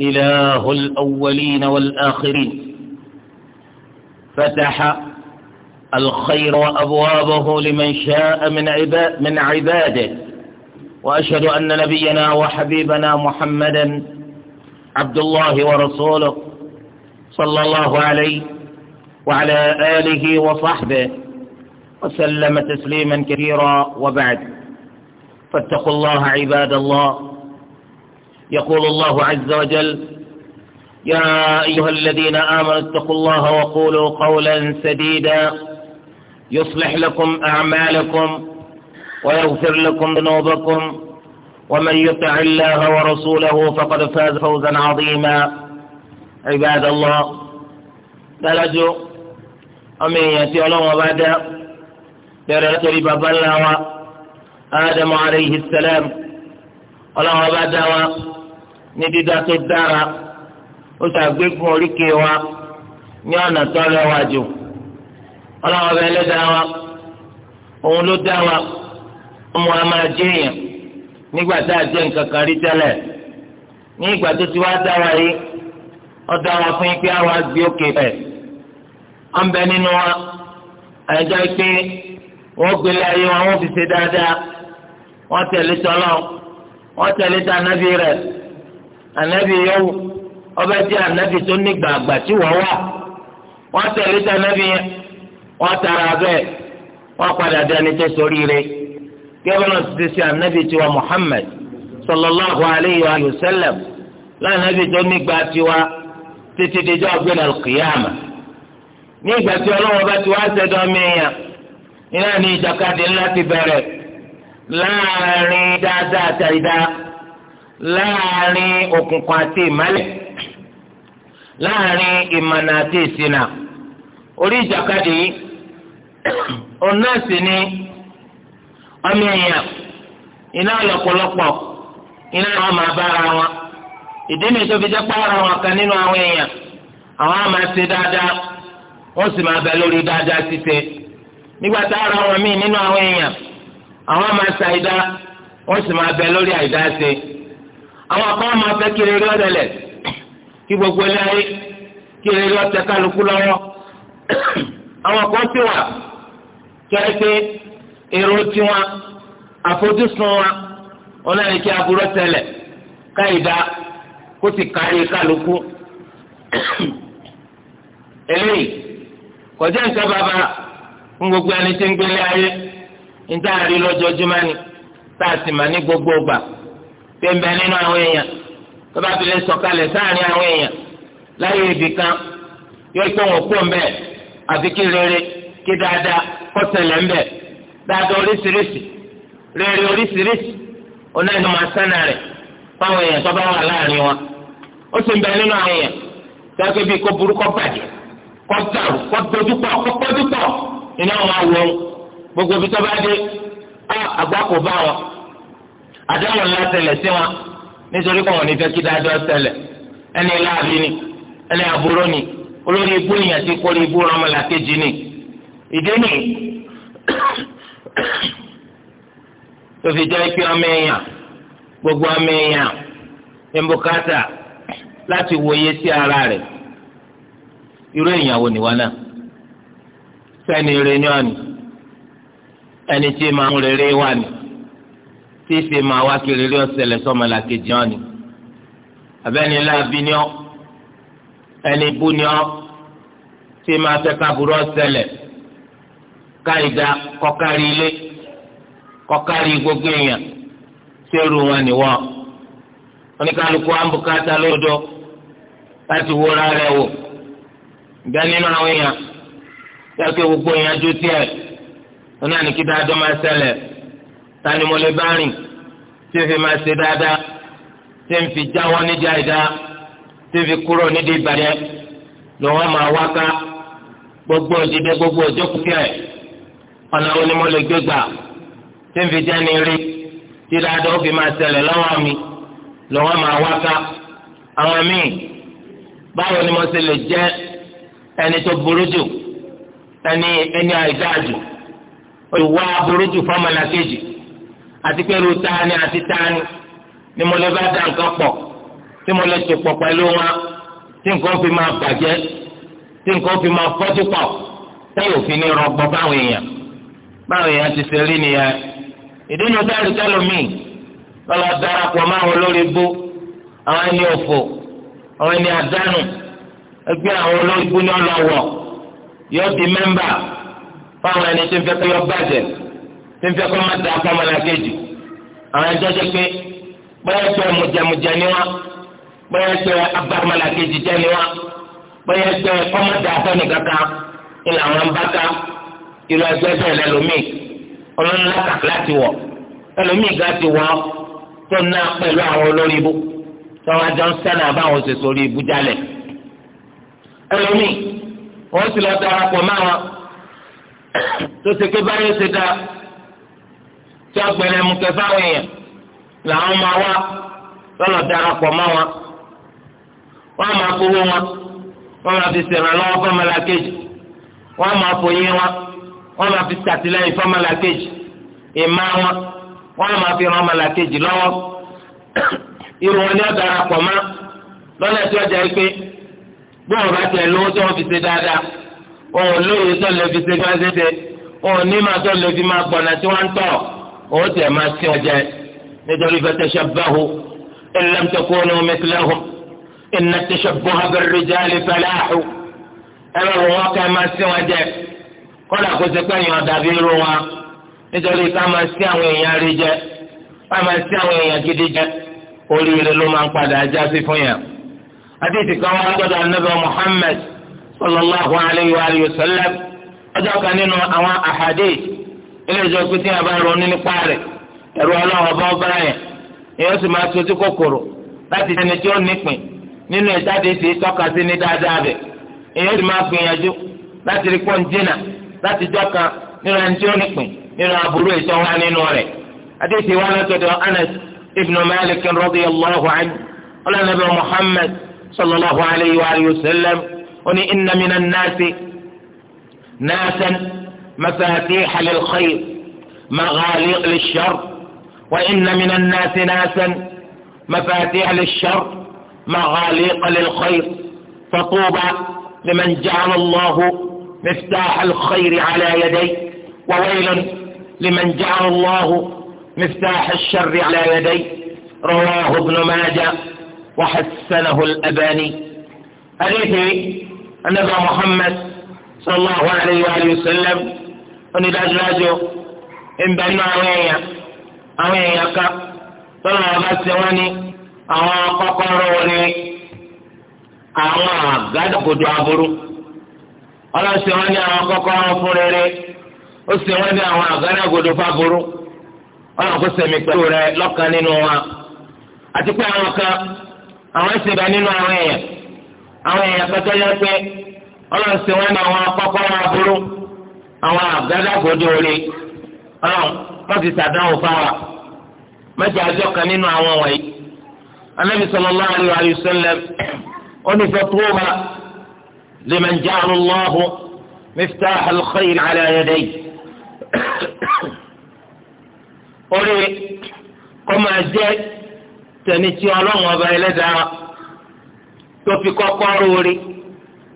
إله الأولين والآخرين فتح الخير وأبوابه لمن شاء من, عباد من عباده وأشهد أن نبينا وحبيبنا محمدا عبد الله ورسوله صلى الله عليه وعلى آله وصحبه وسلم تسليما كثيرا وبعد فاتقوا الله عباد الله يقول الله عز وجل يا أيها الذين آمنوا اتقوا الله وقولوا قولا سديدا يصلح لكم أعمالكم ويغفر لكم ذنوبكم ومن يطع الله ورسوله فقد فاز فوزا عظيما عباد الله dájú أمين يأتي الله وبعد bá dá bẹ̀rẹ̀ látọ̀rí baba ńlá wa ní dídá tó dára ó ṣàgbégun oríkèé wa ní ọ̀nà tó rẹwà jù ọlọ́wọ́ bẹ lẹ́dá wa òun ló dá wa ọmọ a máa jẹ èèyàn nígbà tá a jẹ nǹkan kan rí tẹ́lẹ̀ ní ìgbà tó ti wá dá wa yìí ó dá wa fún yín pé àwa gbé òkè pẹ̀ ọ̀nbẹ nínú wa àyẹ̀jọ́ wọ́n wọn wọ́n fi ṣe dáadáa wọ́n tẹ̀lé tọ́lọ́ wọ́n tẹ̀lé rẹ̀. anabi yẹwò ọbẹ tí anabi tó ní gbàgbà tí wọ́n wà wọ́n tẹ̀lé tí anabi yẹn wọ́n tara bẹ́ẹ̀ wọ́n padà dání tó sórí rẹ̀ gẹ́gẹ́ ti ṣe anabi tiwa muhammed sallallahu alayhi wa sallam lánàbì tó ní gbà tiwa títí dijọ́ ọgbẹ́ni alqiyama ní ìgbà tí ọlọ́wọ́ bá ti wá sẹ́dọ̀ mìíràn iná ní ìjàkadì ńlá ti bẹ̀rẹ̀ láàrin dáadáa àtàrídáa. láàrin òkùnkùn àti ìmọ́lẹ̀ láàrin ìmọ̀nà àti ìṣìnà orí ìjàkadì yìí òun náà sì ni ọmọ èèyàn iná ọlọpọlọpọ iná wọn máa bára wọn ìdí ni tó fi jẹ́ pààrọ̀ wọn kan nínú àwọn èèyàn àwọn máa ṣe dáadáa wọ́n sì máa bẹ lórí dáadáa ṣíṣe nígbà tá ara wọn míì àwọn kan máa fẹ́ kí rere ọ̀dẹ̀lẹ̀ kí gbogbo ilé ayé kí rere ọ̀tẹ̀ kálukú lọ́wọ́ àwọn kan sì wà kẹ́rẹ́ pé èrò tiwọn àfojúsùn wa ọlọ́run kí aburú tẹlẹ̀ káyìdá kó sì kárí kálukú eléyìí kọjá nǹkan bàbá fún gbogbo ẹni tí ń gbélé ayé ń ni tá a sì ní gbogbo ọgbà. ṣe ń bẹ nínú àwọn èèyàn tó bá fi sọ̀kalẹ̀ sáàrin àwọn èèyàn láyé ibì kan yóò pé wọn kó ń kí rere kí dáadáa dáadáa rere oríṣiríṣi máa sánà rẹ̀ fáwọn èèyàn tó bá wà láàrin wọn ó sì ń bẹ nínú àwọn èèyàn tó kó kó burú kó bàjẹ́ kó dàrú kó kó nínú àwọn àdéhùn ńlá tẹlẹ sí wọn nítorí pé wọn ní fẹ́ kí dájọ́ tẹlẹ ẹni láàbí ni ẹni àbúrò ni olórí ibú èèyàn ti kórè ibú rọmọlá kejì ni ìdí ni tó fi jẹ́ pé ọmọ èèyàn gbogbo ọmọ èèyàn ìmbùkátà láti wòye sí ara rẹ̀ irú èèyàn wo nìwọ náà sẹ́ni rẹ̀ ni ọ́ ni ẹni tí màá ń rere wà ni. tí ìfẹ́ máa wá kiri rí ọsẹlẹ sọ́mọlá kejì ọ́ ni abẹ́ni láàbí ni ọ́ ẹni bú ni ọ́ tí máa fẹ́ káburú ọsẹlẹ káyidá kọ́kárí ilé kọ́kárí gbogbo èèyàn sẹ́rù wọn ni wọ́n oníkálukú àǹbùkátà lódò láti wúra rẹ̀ wò ìgbà nínú àwọn èèyàn yàtọ̀ gbogbo èèyàn ju tiẹ̀ wọn náà ní kí dáadọ́ máa ṣẹlẹ̀ tani mo lè bá rìn tí n fi máa ṣe dáadáa tí n fi jáwọ́ nídìí àìdá tí n fi kúrò nídìí ìbàjẹ́ lọ́wọ́ máa wá ká gbogbo òdìdẹ gbogbo òjókòkè ọ̀nà wo ni mo lè gbé gbà tí n fi jẹ́ni rí tí dáadáa ó fi máa ṣẹlẹ̀ lọ́wọ́ mi lọ́wọ́ máa wá ká àwọn míì báwo ni mo ṣe lè jẹ́ ẹni tó burú jù ẹni ẹni àìdáa jù olùwà burú jù fọmọlá kejì àti pẹ̀lú tani àti tani ni mo lè bá da nǹkan pọ̀ tí mo lè sopọ̀ pẹ̀lú wọn tí nǹkan fi máa bàjẹ́ tí nǹkan fi máa fọ́jú pọ̀ táyọ̀ fi ní rọgbọ báwọn èèyàn báwọn èèyàn ti ṣe rí nìyẹn ìdí ni táyọ̀ tẹ́lọ̀ mí lọ́lọ́ darapọ̀ máwọn olórí bó àwọn ẹni òfò àwọn ẹni àdánù ẹgbẹ́ àwọn olórí bó ni ọlọ́wọ̀ yóò di mẹ́mbà fáwọn ẹni tó ń fẹ́ kí wọ́n bàjẹ́ tí ń máa da pamọ́lá kejì àwọn ẹjọ́ jẹ́ pé bóyá pé mùjẹmùjẹ ni wá bóyá pé abamọ́lá kejì jẹ́ ni wá bóyá pé kọ́mọ́dà afẹ́ni kankan ilẹ̀ àwọn ń bá ká ìlú ẹgbẹ́ bẹ́ẹ̀ lẹ́lòmíì ọlọ́nà láti wọ̀ ẹlòmíì gá ti wọ́ tó ná pẹ̀lú àwọn olórí ibú tí wọ́n jọ ń sẹ́nà àbáwọn ṣe sórí ibú jálẹ̀ ẹlòmíì wọ́n sì lọ darapọ̀ máa wọn tó ṣe pé báyọ̀ ṣe dáa tí ọgbẹlẹ mú kẹfà àwọn èèyàn làwọn máa wá lọ́nà darapọ̀ mọ́ wọn wọ́n máa fowó wọn wọ́n máa fi ṣèrànlọ́wọ́ fọ́mọlá kejì wọ́n máa fòye wọn wọ́n máa fi ṣàtìlẹ́yìn fọ́mọlá kejì ìmá wọn wọ́n máa fi ràn ọmọlá kejì lọ́wọ́ irun wọn ni ó darapọ̀ mọ́ lọ́nà tí ọjà yìí pé bí wọn bá tẹ̀ lówó tí wọ́n fi ṣe dáadáa òun lóye tó lè fi ṣe gbáṣẹ́ tẹ òun ní màá tó lè fi máa gbọ̀nà tí wọ́n ń tọ̀ ó tiẹ̀ máa sí wọn jẹ nítorí fatashabbahu in lam takunu mithlahum inna at-tashabbuha bir-rijali falahu ẹ bá wọn ká máa sí wọn jẹ kọ́dà kó ṣe pé èèyàn dàbí irú wọn nítorí ká máa sí àwọn èèyàn rí jẹ ká máa sí àwọn èèyàn gidi jẹ oríire ló máa ń padà já sí fún yàn. àdìsí kan wọn gbọ́dọ̀ ànábì Muhammad sallallahu alayhi wa sallam ọjọ́ kan nínú àwọn ahadith ilé ìjọ pé tí a bá ronú nípa rẹ̀ ẹ̀rọ ọlọ́run ọba ọba yẹn èèyàn sì máa sojú kòkòrò láti ẹni tí ó nípìn nínú ìjáde sí tọ́ka sí ní dáadáa bẹ̀ èèyàn sì máa gbìyànjú láti rí pọ́n jìnnà láti jọ́ka nínú ẹni tí ó nípìn nínú aburú ìtọ́ wa nínú rẹ̀ adéṣe wa látọ̀dọ̀ Anas ibn Malik radiyallahu anhu ọlọ́nàbẹ Muhammad sallallahu alayhi wa sallam ó ní inna minan nasi nasan. مفاتيح للخير مغاليق للشر وإن من الناس ناسا مفاتيح للشر مغاليق للخير فطوبى لمن جعل الله مفتاح الخير على يديه وويل لمن جعل الله مفتاح الشر على يديه رواه ابن ماجه وحسنه الأباني حديث النبي محمد صلى الله عليه وآله وسلم ní dájúdájú nínú àwọn èèyàn àwọn èèyàn ká tọ́lá wọn bá wọ́n ní àwọn kọ́kọ́rọ́ wọn àwọn àgádágodo aburú ọlọ́run wọ́n ní àwọn kọ́kọ́rọ́ fún rere ó ṣe wọ́n ní àwọn àgádágodo fáburú ọlọ́run kò sẹ̀mí pẹ̀lú rẹ lọ́kàn nínú wa àti pé àwọn kan àwọn nínú àwọn èèyàn àwọn èèyàn kẹtọ́ yẹ pé wọ́n ní àwọn kọ́kọ́rọ́ aburú. àwọn àgádágodo rí ọlọ́run wọ́n ti sàdánwò fáwa mẹ́jọ àjọ kan nínú àwọn wọ̀nyí anabi sallallahu alayhi wa sallam onífẹ̀túwọ́ba liman ja'ala Allahu miftah al-khayr ala yadayhi orí kọ́ máa jẹ́ tẹni tí ọlọ́run ọba ẹlẹ́dàá tó fi kọ́kọ́ rú orí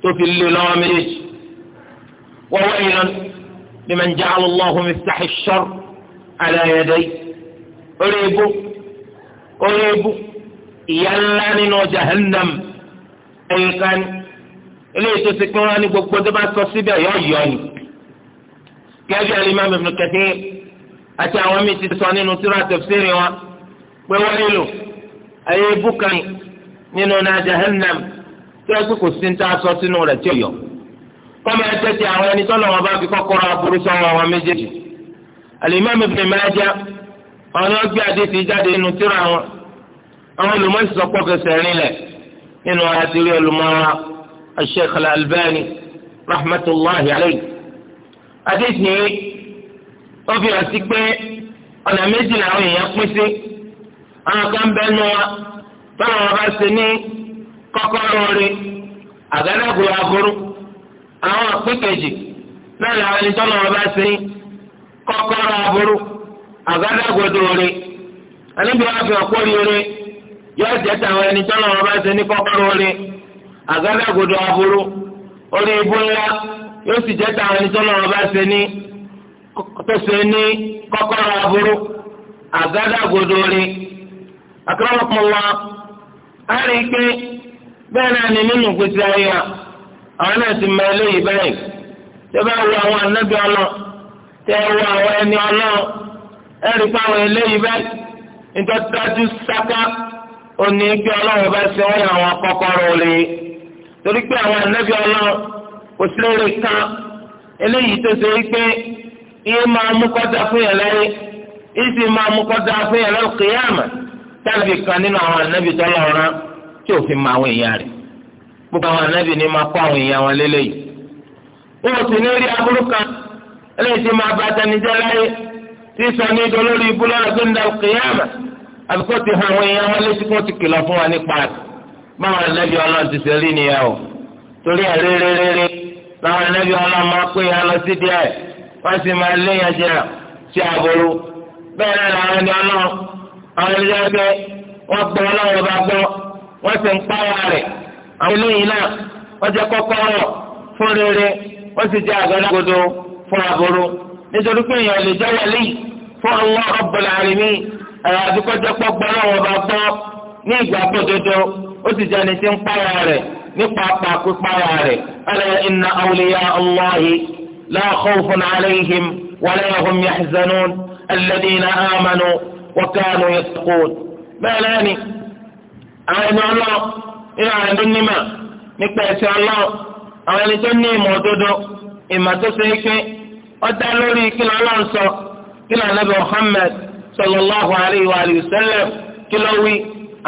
tó fi lé lọ́wọ́ méjèèjì wọ́wọ́ ìlànà. لمن جعل الله مفتاح الشر على يديه أريبو أريبو يلا نينو جهنم أي كان eléyìí tó ti pín wọn ní gbogbo tó bá sọ síbẹ̀ yọ yọ ni gẹ́gẹ́ alimami ibn Kathir àti àwọn míì ti sọ nínú tírà tafsiri wọn pé wọ́n nílò ayé bukani nínú náà jahannam tó yẹ kó kò sí ní tá a sọ sínú rẹ̀ tí ó yọ kọ́mọ ẹsẹ̀ ti àwọn ẹni tọ́lọ̀ wọn bá fi kọ́kọ́rọ́ aburú sọ́wọ́ àwọn méjèèjì. alimami Ibn Majah àwọn ni wọ́n gbé adé ti jáde nínú tíra wọn. àwọn olùmọ̀ọ́sì sọ pọ̀ fẹsẹ̀ rinlẹ̀ nínú àtìrí olùmọ̀ọ́ra Sheikh Al-Albani rahmatullahi alayhi. adé ti ó fi hàn sí pé ọ̀nà méjì làwọn èèyàn pín sí. àwọn kan bẹ́ẹ̀ nu wa tọ́lọ̀ wọn bá ṣe ní kọ́kọ́rọ́ rí àgádágodo aburú. àwọn àpín kejì náà ni ẹni tọ́nà wọn bá ṣe kọ́kọ́rọ́ aburú àgádágodo rè àníbi wọn fi ọ̀pọ̀ rere yóò jẹ́ tàwọn ẹni tọ́nà wọn ṣe ní kọ́kọ́rọ́ rè àgádágodo aburú orí ibú ńlá yóò sì jẹ́ tàwọn ẹni tọ́nà wọn ṣe ní tó ní kọ́kọ́rọ́ aburú àgádágodo rè àkàrà á rí i àwọn náà ti mọ eléyìí báyìí tẹ́ bá wo àwọn anábì ọlọ tẹ́ wo àwọn ẹni ọlọ ẹrí pa àwọn eléyìí báyìí nítorí dájú sáká òní gbé ọlọ́run bá ṣe wọ́n àwọn kọ́kọ́rọ́ rè é torí pé àwọn anábì ọlọ kò sí eléyìí tó ṣe é pé iye máa mú fún ìsì máa mú fún tábìlì kan nínú àwọn anábì tí òfin máa wọ ìyá rẹ̀. gbogbo àwọn anábì ní máa kó àwọn èèyàn wọn lélẹ́yìí wọn sì ní rí aburú kan eléyìí máa bá láyé tí sọ dolórí ibú kìyàmà àbíkó ti hàn àwọn èèyàn wọn ti fún wa nípa báwọn ti rí o torí máa ya lọ sí sì máa léyàn sí náà làwọn ẹni àwọn eléyìí náà wọ́n jẹ́ kọ́kọ́rọ́ fún rere wọ́n sì jẹ́ àgádágodo fún aburú nítorí pé èèyàn lè jẹ́ wàlí fún Allah Rabbul mi ẹ̀rọ àdúgbò jẹ́ gbọ́ náà wọ́n bá gbọ́ ní ìgbà gbọ́dodo ó sì jẹ́ ẹni tí ń pààrà rẹ̀ nípa pàápàá pààrà rẹ̀ ala inna awliya Allahi la khawfun alayhim wa la àwọn ẹni ọlọ́ọ̀ nínú àwọn tó nímọ̀ nípa ẹ̀sìn ọlọ́run àwọn ẹni tó ní ìmọ̀ òdodo ìmọ̀ tó ṣe é pé ọ̀dá lórí kí ló ọlọ́run sọ kí ló ànábì Muhammad sallallahu alayhi wa sallam kí ló wí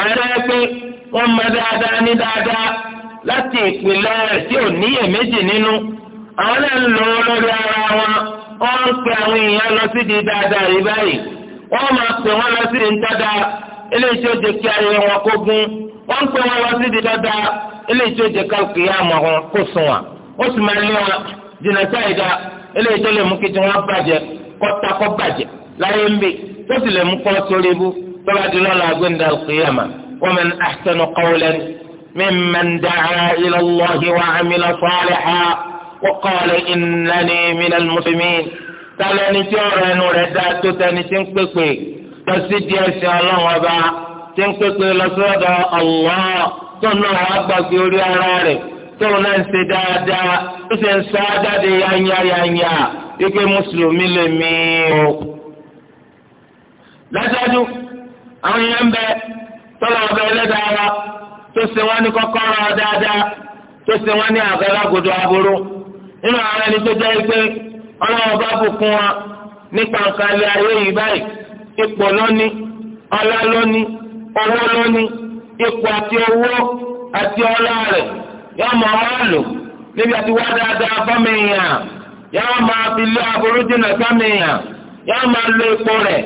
àwọn ẹni pé wọ́n mọ dáadáa ní dáadáa láti ìpìlẹ̀ rẹ̀ tí ò níyèméjì nínú àwọn náà ń lò ó lórí ara wọn wọ́n ń pe àwọn èèyàn lọ sí di dáadáa rí báyìí wọ́n máa pè wọ́n lọ sí di ń tọ́ da eléyìí tó jẹ́ kí ayé wọn kó gún wọ́n pè wọ́n lọ sí di dáadáa eléyìí tó jẹ káàkiri yá àmọ́ wọn kó sùn wọn ó sì máa lé wọn jìnnà sáì dá eléyìí tó lè mú kí tiwọn bàjẹ́ kọ́ta kọ́ bàjẹ́ láyé ń bè tó sì lè mú kọ́ sórí ibú tọ́lá di lọ́la agbẹ́ndà kìyàmà wọ́n mẹ́ni àṣẹnu kọ́wọ́lẹ́ni mímẹ́n dàá ilẹ̀ lọ́hìn wà ámìlẹ̀ fọ́ọ̀lẹ̀ ha wọ́kọ́ọ̀lẹ̀ ìnáni mílẹ̀ mùsùlùmí tálẹ́ni tí ọ̀rọ̀ ẹnu rẹ̀ dá tó tẹni tí ń pèpè lọ sí díẹ̀ sí ọlọ́run ọba tí ń pépè lọ́sọ́dọ̀ Allah tọ náà wàá orí ara rẹ̀ tó náà ń ṣe dáadáa ó sì ń sá jáde yányáyányá wípé mùsùlùmí lè mí o. dájúdájú àwọn èèyàn bẹ tọ́lá ọbẹ̀ ẹlẹ́dàá wa tó ṣe wọ́n ní kọ́kọ́rọ́ dáadáa tó ṣe wọ́n ní ayé yìí báyìí ipò ọlá owó lóní ipò àti owó àti ọlá rẹ̀ yóò máa wá lò níbi àti wá dáadáa fọ́mìyàn yóò máa fi lé aburú dènà fọ́mìyàn yóò máa lo ipò rẹ̀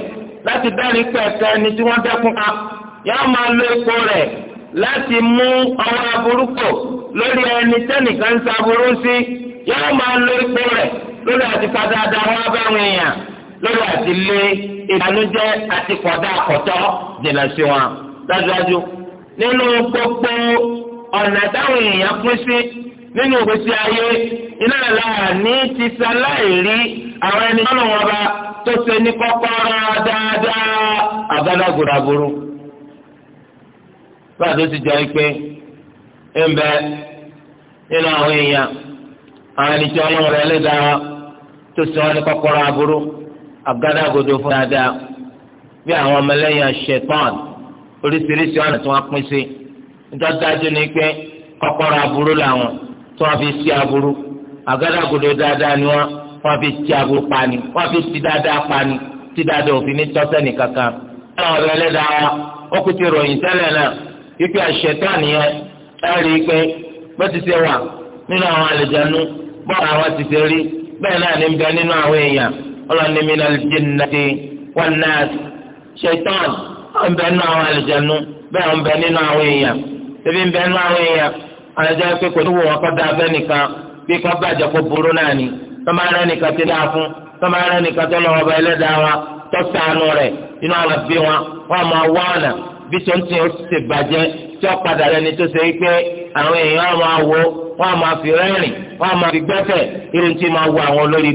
láti dárí pẹ̀kẹ́ ẹni tí wọ́n dẹ́kun ká yóò máa lo ipò rẹ̀ láti mú ọwọ́ aburúkọ lórí ẹni tẹ́nìkan ń sa aburú sí yóò lo ipò rẹ̀ lórí àti padà dáwọ́ lórí àti lé ìbànújẹ́ àti kọ̀dá àkọ́tọ́ dènà sí wọn dájúdájú. nínú gbogbo ọ̀nà táwọn èèyàn pín sí nínú ìgbésí ayé iná láàánú ti àwọn ẹni bá tó ṣe ní kọ́kọ́rọ́ dáadáa àgádágoraburú. bá a tó ti jọ pé ń bẹ nínú àwọn èèyàn àwọn ẹni tí rẹ̀ tó àgádágodo fún dáadáa bí àwọn ọmọlẹ́yìn ṣẹ̀tàn oríṣiríṣi ọ̀nà tí wọ́n pín sí ìtọ́jú ni pé kọ́kọ́rọ́ aburú làwọn tí wọ́n fi sí aburú àgádágodo dáadáa ni wọ́n wọ́n fi ti aburú pani wọ́n fi ti dáadáa pani ti dáadáa òfin ní tọ́sẹ́nì kankan. ọ̀rọ̀ ọ̀rọ̀ ẹlẹ́dàá wa ó kú ti ròyìn tẹ́lẹ̀ náà wípé àṣetán yẹn ẹ rí i pé bó ti ṣe wà nínú àwọn àlejànú bọ́ọ̀lù àwọn ti ṣe rí bẹ́ẹ̀ náà ní ọlọ́ni mi náà di nàdé wọn náà ṣètọ́n ọ̀n bẹ nínú àwọn àlùjẹ̀nu bẹ́ẹ̀ ọ̀n bẹ nínú àwọn èèyàn ebi ń bẹ nínú àwọn èèyàn àlùjẹ́ pé kò ní wò wọn kọ́ abẹ́ nìkan bí kọ́ burú náà ni tọ́mọ ará nìkan ti dáa fún tọ́mọ nìkan tó lọ́wọ́ ẹlẹ́dàá wa tó sànù rẹ̀ inú bí tó ń bàjẹ́ tí ó padà fi rẹ́rìn máa fi gbẹ́fẹ̀ irun tí máa wo àwọn olórí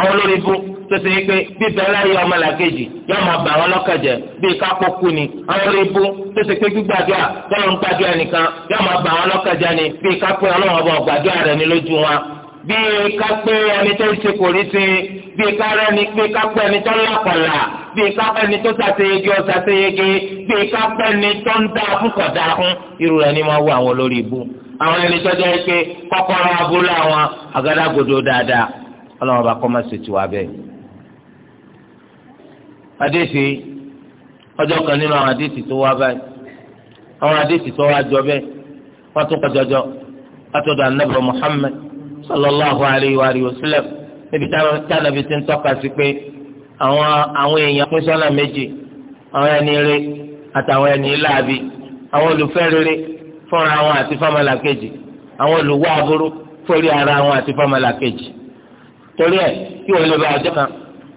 àwọn tó ṣe pé bíbẹ láyé ọmọlàkejì yóò máa bà wọn lọ́kàn jẹ́ bíi kápó kú ni àwọn orí ibú tó ṣe pé gbígbàdúrà tọ́lọ́ ń gbàdúrà nìkan yóò máa bà wọn lọ́kàn jẹ́ ni bíi kápó ọlọ́run ọba ọ̀gbàdúrà rẹ̀ ní lójú wọn bíi kápẹ́ ẹni tó ń ṣe kò rí sí bíi kárẹ́ ni bíi kápẹ́ ẹni tó ń bíi kápẹ́ ẹni tó ṣàṣeyege ọ̀ṣàṣeyege bíi kápẹ́ ẹni tó ń dá fún fún irú rẹ̀ ni wọ́n wọ ọlọ́run bá kọ́ máa ṣètò abẹ́ àdéhìí ọjọ́ kan nínú àwọn àdéhìí tó wá báyìí àwọn àdéhìí tó wá jọ bẹ́ẹ̀ wọ́n tún kọjọjọ látọ̀dọ̀ anábọ̀ Muhammad sallallahu alayhi wa alihi wa sallam níbi tí anábì ti ń tọ́ka sí pé àwọn àwọn èèyàn pín sọ́nà méjì àwọn ẹni rere àtàwọn ẹni láabi àwọn olùfẹ́ rere fúnra wọn àti fámàlà kejì àwọn olùwọ́ aburú fórí wọn àti fámàlà kejì torí ẹ̀ kí wọ́n lè bá ọjọ́ kan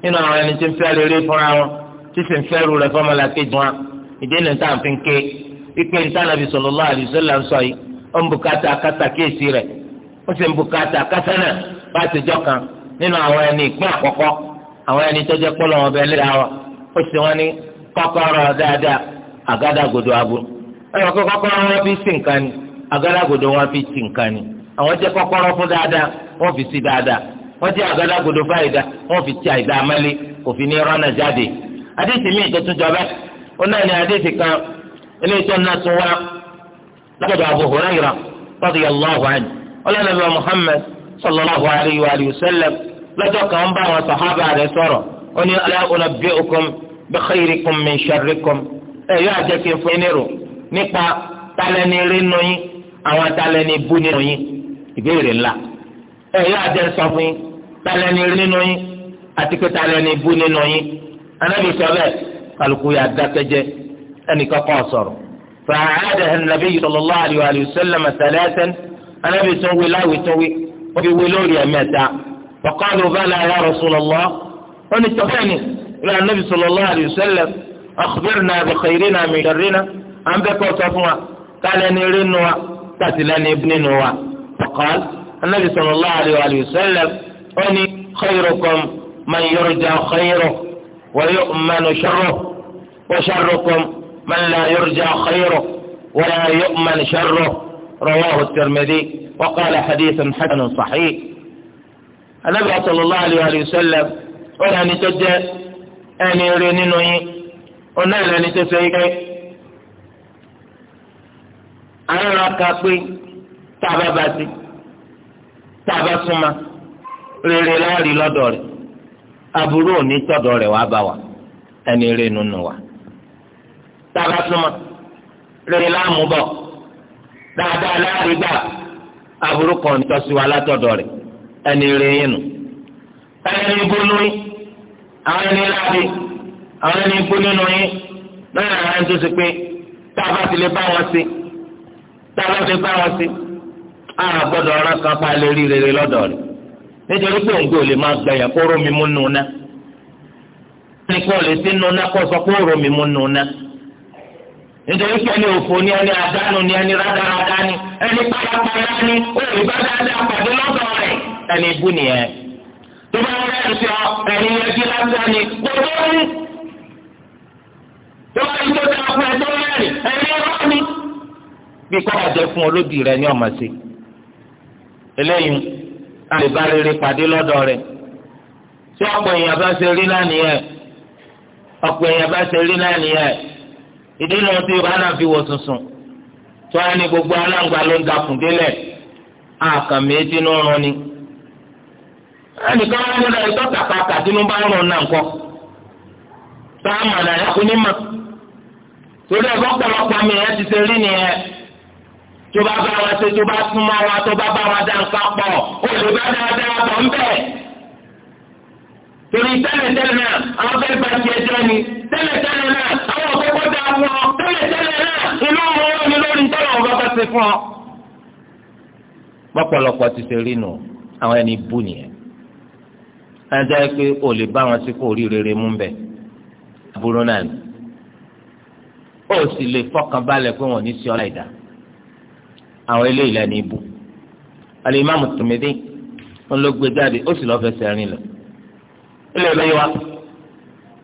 nínú àwọn ẹni tí ń fẹ́ rere fúnra wọn tí sì ń fẹ́ rú rẹ fọmọlá wọn ìdí ni tá à ń fi ń ké ipe ní tànàbí sallallahu sọ yìí ó ń bùkátà kátà kéèsì rẹ ó sì ń akata kátà náà bá ti jọ kan nínú àwọn ẹni ìpín àkọ́kọ́ àwọn ẹni tó jẹ́ pọ́lọ́ wọn léra wọn ó sì wọn ní kọ́kọ́rọ́ dáadáa àgádágodo abo kọ́kọ́rọ́ wọn fi sí nǹkan ni àgádágodo wọn wọ́n ti àgádágodo bá ìdá wọ́n fi ti àìdá amálé kò fi ní rọ́nà jáde àdéhìí mi tó tún jọba ó náà ní àdéhìí kan ilé iṣẹ́ náà tún wá lọ́dọ̀ Abu Hurayra radiyallahu anhu ọlọ́nàbí wa Muhammad sallallahu alayhi wa alihi wa sallam lọ́jọ́ kan ń bá àwọn sàhábà rẹ̀ sọ̀rọ̀ ó ní ala unabbi'ukum ẹ yóò àjẹ sọ fún yín talẹ ni rí nínú yín àti pé talẹ ni bú nínú yín anábì sọ bẹ́ẹ̀ kálukú yà dákẹ́jẹ́ ẹnìkan kọ sọ̀rọ̀ fàáhàdà ẹnìnàbí sallallahu alaihi wa sallam thalathan anábì tún wí láwì tún wí ó fi wí lórí ẹ̀mẹ́ta faqalu bala ya rasulullah ó ní tọ́fẹ́ni ìlú anábì sallallahu النبي صلى الله عليه وآله وسلم أني خيركم من يرجى خيره ويؤمن شره وشركم من لا يرجى خيره ولا يؤمن شره رواه الترمذي وقال حديث حسن صحيح النبي صلى الله عليه وآله وسلم أني تجد أني يرينني أني لن تسيقي أنا راكبي تعبباتي tá a bá súnmọ́ rere láàrí lọ́dọ̀ rẹ̀ aburú òní tọ̀dọ̀ rẹ̀ wá bá wa ẹni rẹ̀ nínú wa tá a bá súnmọ́ rere láàmú bọ̀ dáadáa láàrí gbà aburú kan tọ́sí wa látọ̀dọ̀ rẹ̀ ẹni rẹ̀ yín nù ẹni gbónú yín àwọn ẹni láàbí àwọn ẹni gbónú yín lọ́yìn àwọn ẹni tó ṣe pé tá a bá ti lè bá wọn sí tá a bá ti lè bá wọn sí. a gbọ́dọ̀ ọ̀ràn kan pa lè rí rere lọ́dọ̀ rẹ̀ nítorí pé òǹgbò lè máa gbẹ̀yẹ̀ kó rómi mú nu ná nìkan lè sí nu kó sọ kó mú nítorí pé òfò ni ẹni àdánù ni ẹni rádaràdá ni ẹni pàápàá ni òòlù dáadáa pàdé ẹni ibú nìyẹn tó bá ẹni lásán ni gbogbo tó bá tó dáa eléyìí a lè bá rere pàdé lọ́dọ̀ rẹ̀ tí ọ̀pọ̀ èèyàn bá ṣe rí lánìí ẹ̀ ọ̀pọ̀ èèyàn bá ṣe rí lánìí ẹ̀ ìdí náà tí yorùbá náà fi wò sùnsùn tí gbogbo aláǹgbá ló ń ni. ẹnìkan wọn kàkà bá rán náà torí mi ti ṣe rí tó bá bá wọn ṣe tó bá súnmọ́ wọn tó bá bá wọn dá nǹkan pọ̀ ó lè bá dáadáa pọ̀ ń bẹ̀. torí tẹ́lẹ̀tẹ́lẹ̀ náà àwọn fẹ́ẹ́ bá tiẹ̀ jẹ́ ni tẹ́lẹ̀tẹ́lẹ̀ náà àwọn òkókó dá fún ọ tẹ́lẹ̀tẹ́lẹ̀ náà inú wọn wọ́n mi lórí tọ́lọ̀ wọn bá fẹ́ ṣe fún ọ. pọ́pọ̀lọpọ̀ ti ṣe rí nù àwọn ẹni bú nìyẹn ajá yẹ pé o lè bá wọn sí kó rí rere mú bẹ aburú náà ni o sì lè fọkàn balẹ̀ pé wọn ò ní sí ọ àwọn ilé ìlànà ìbò alimami tòmídé wọn ló gbé jáde ó sì lọ́ọ́ fẹsẹ̀ rìn lọ. ilé ìlú wa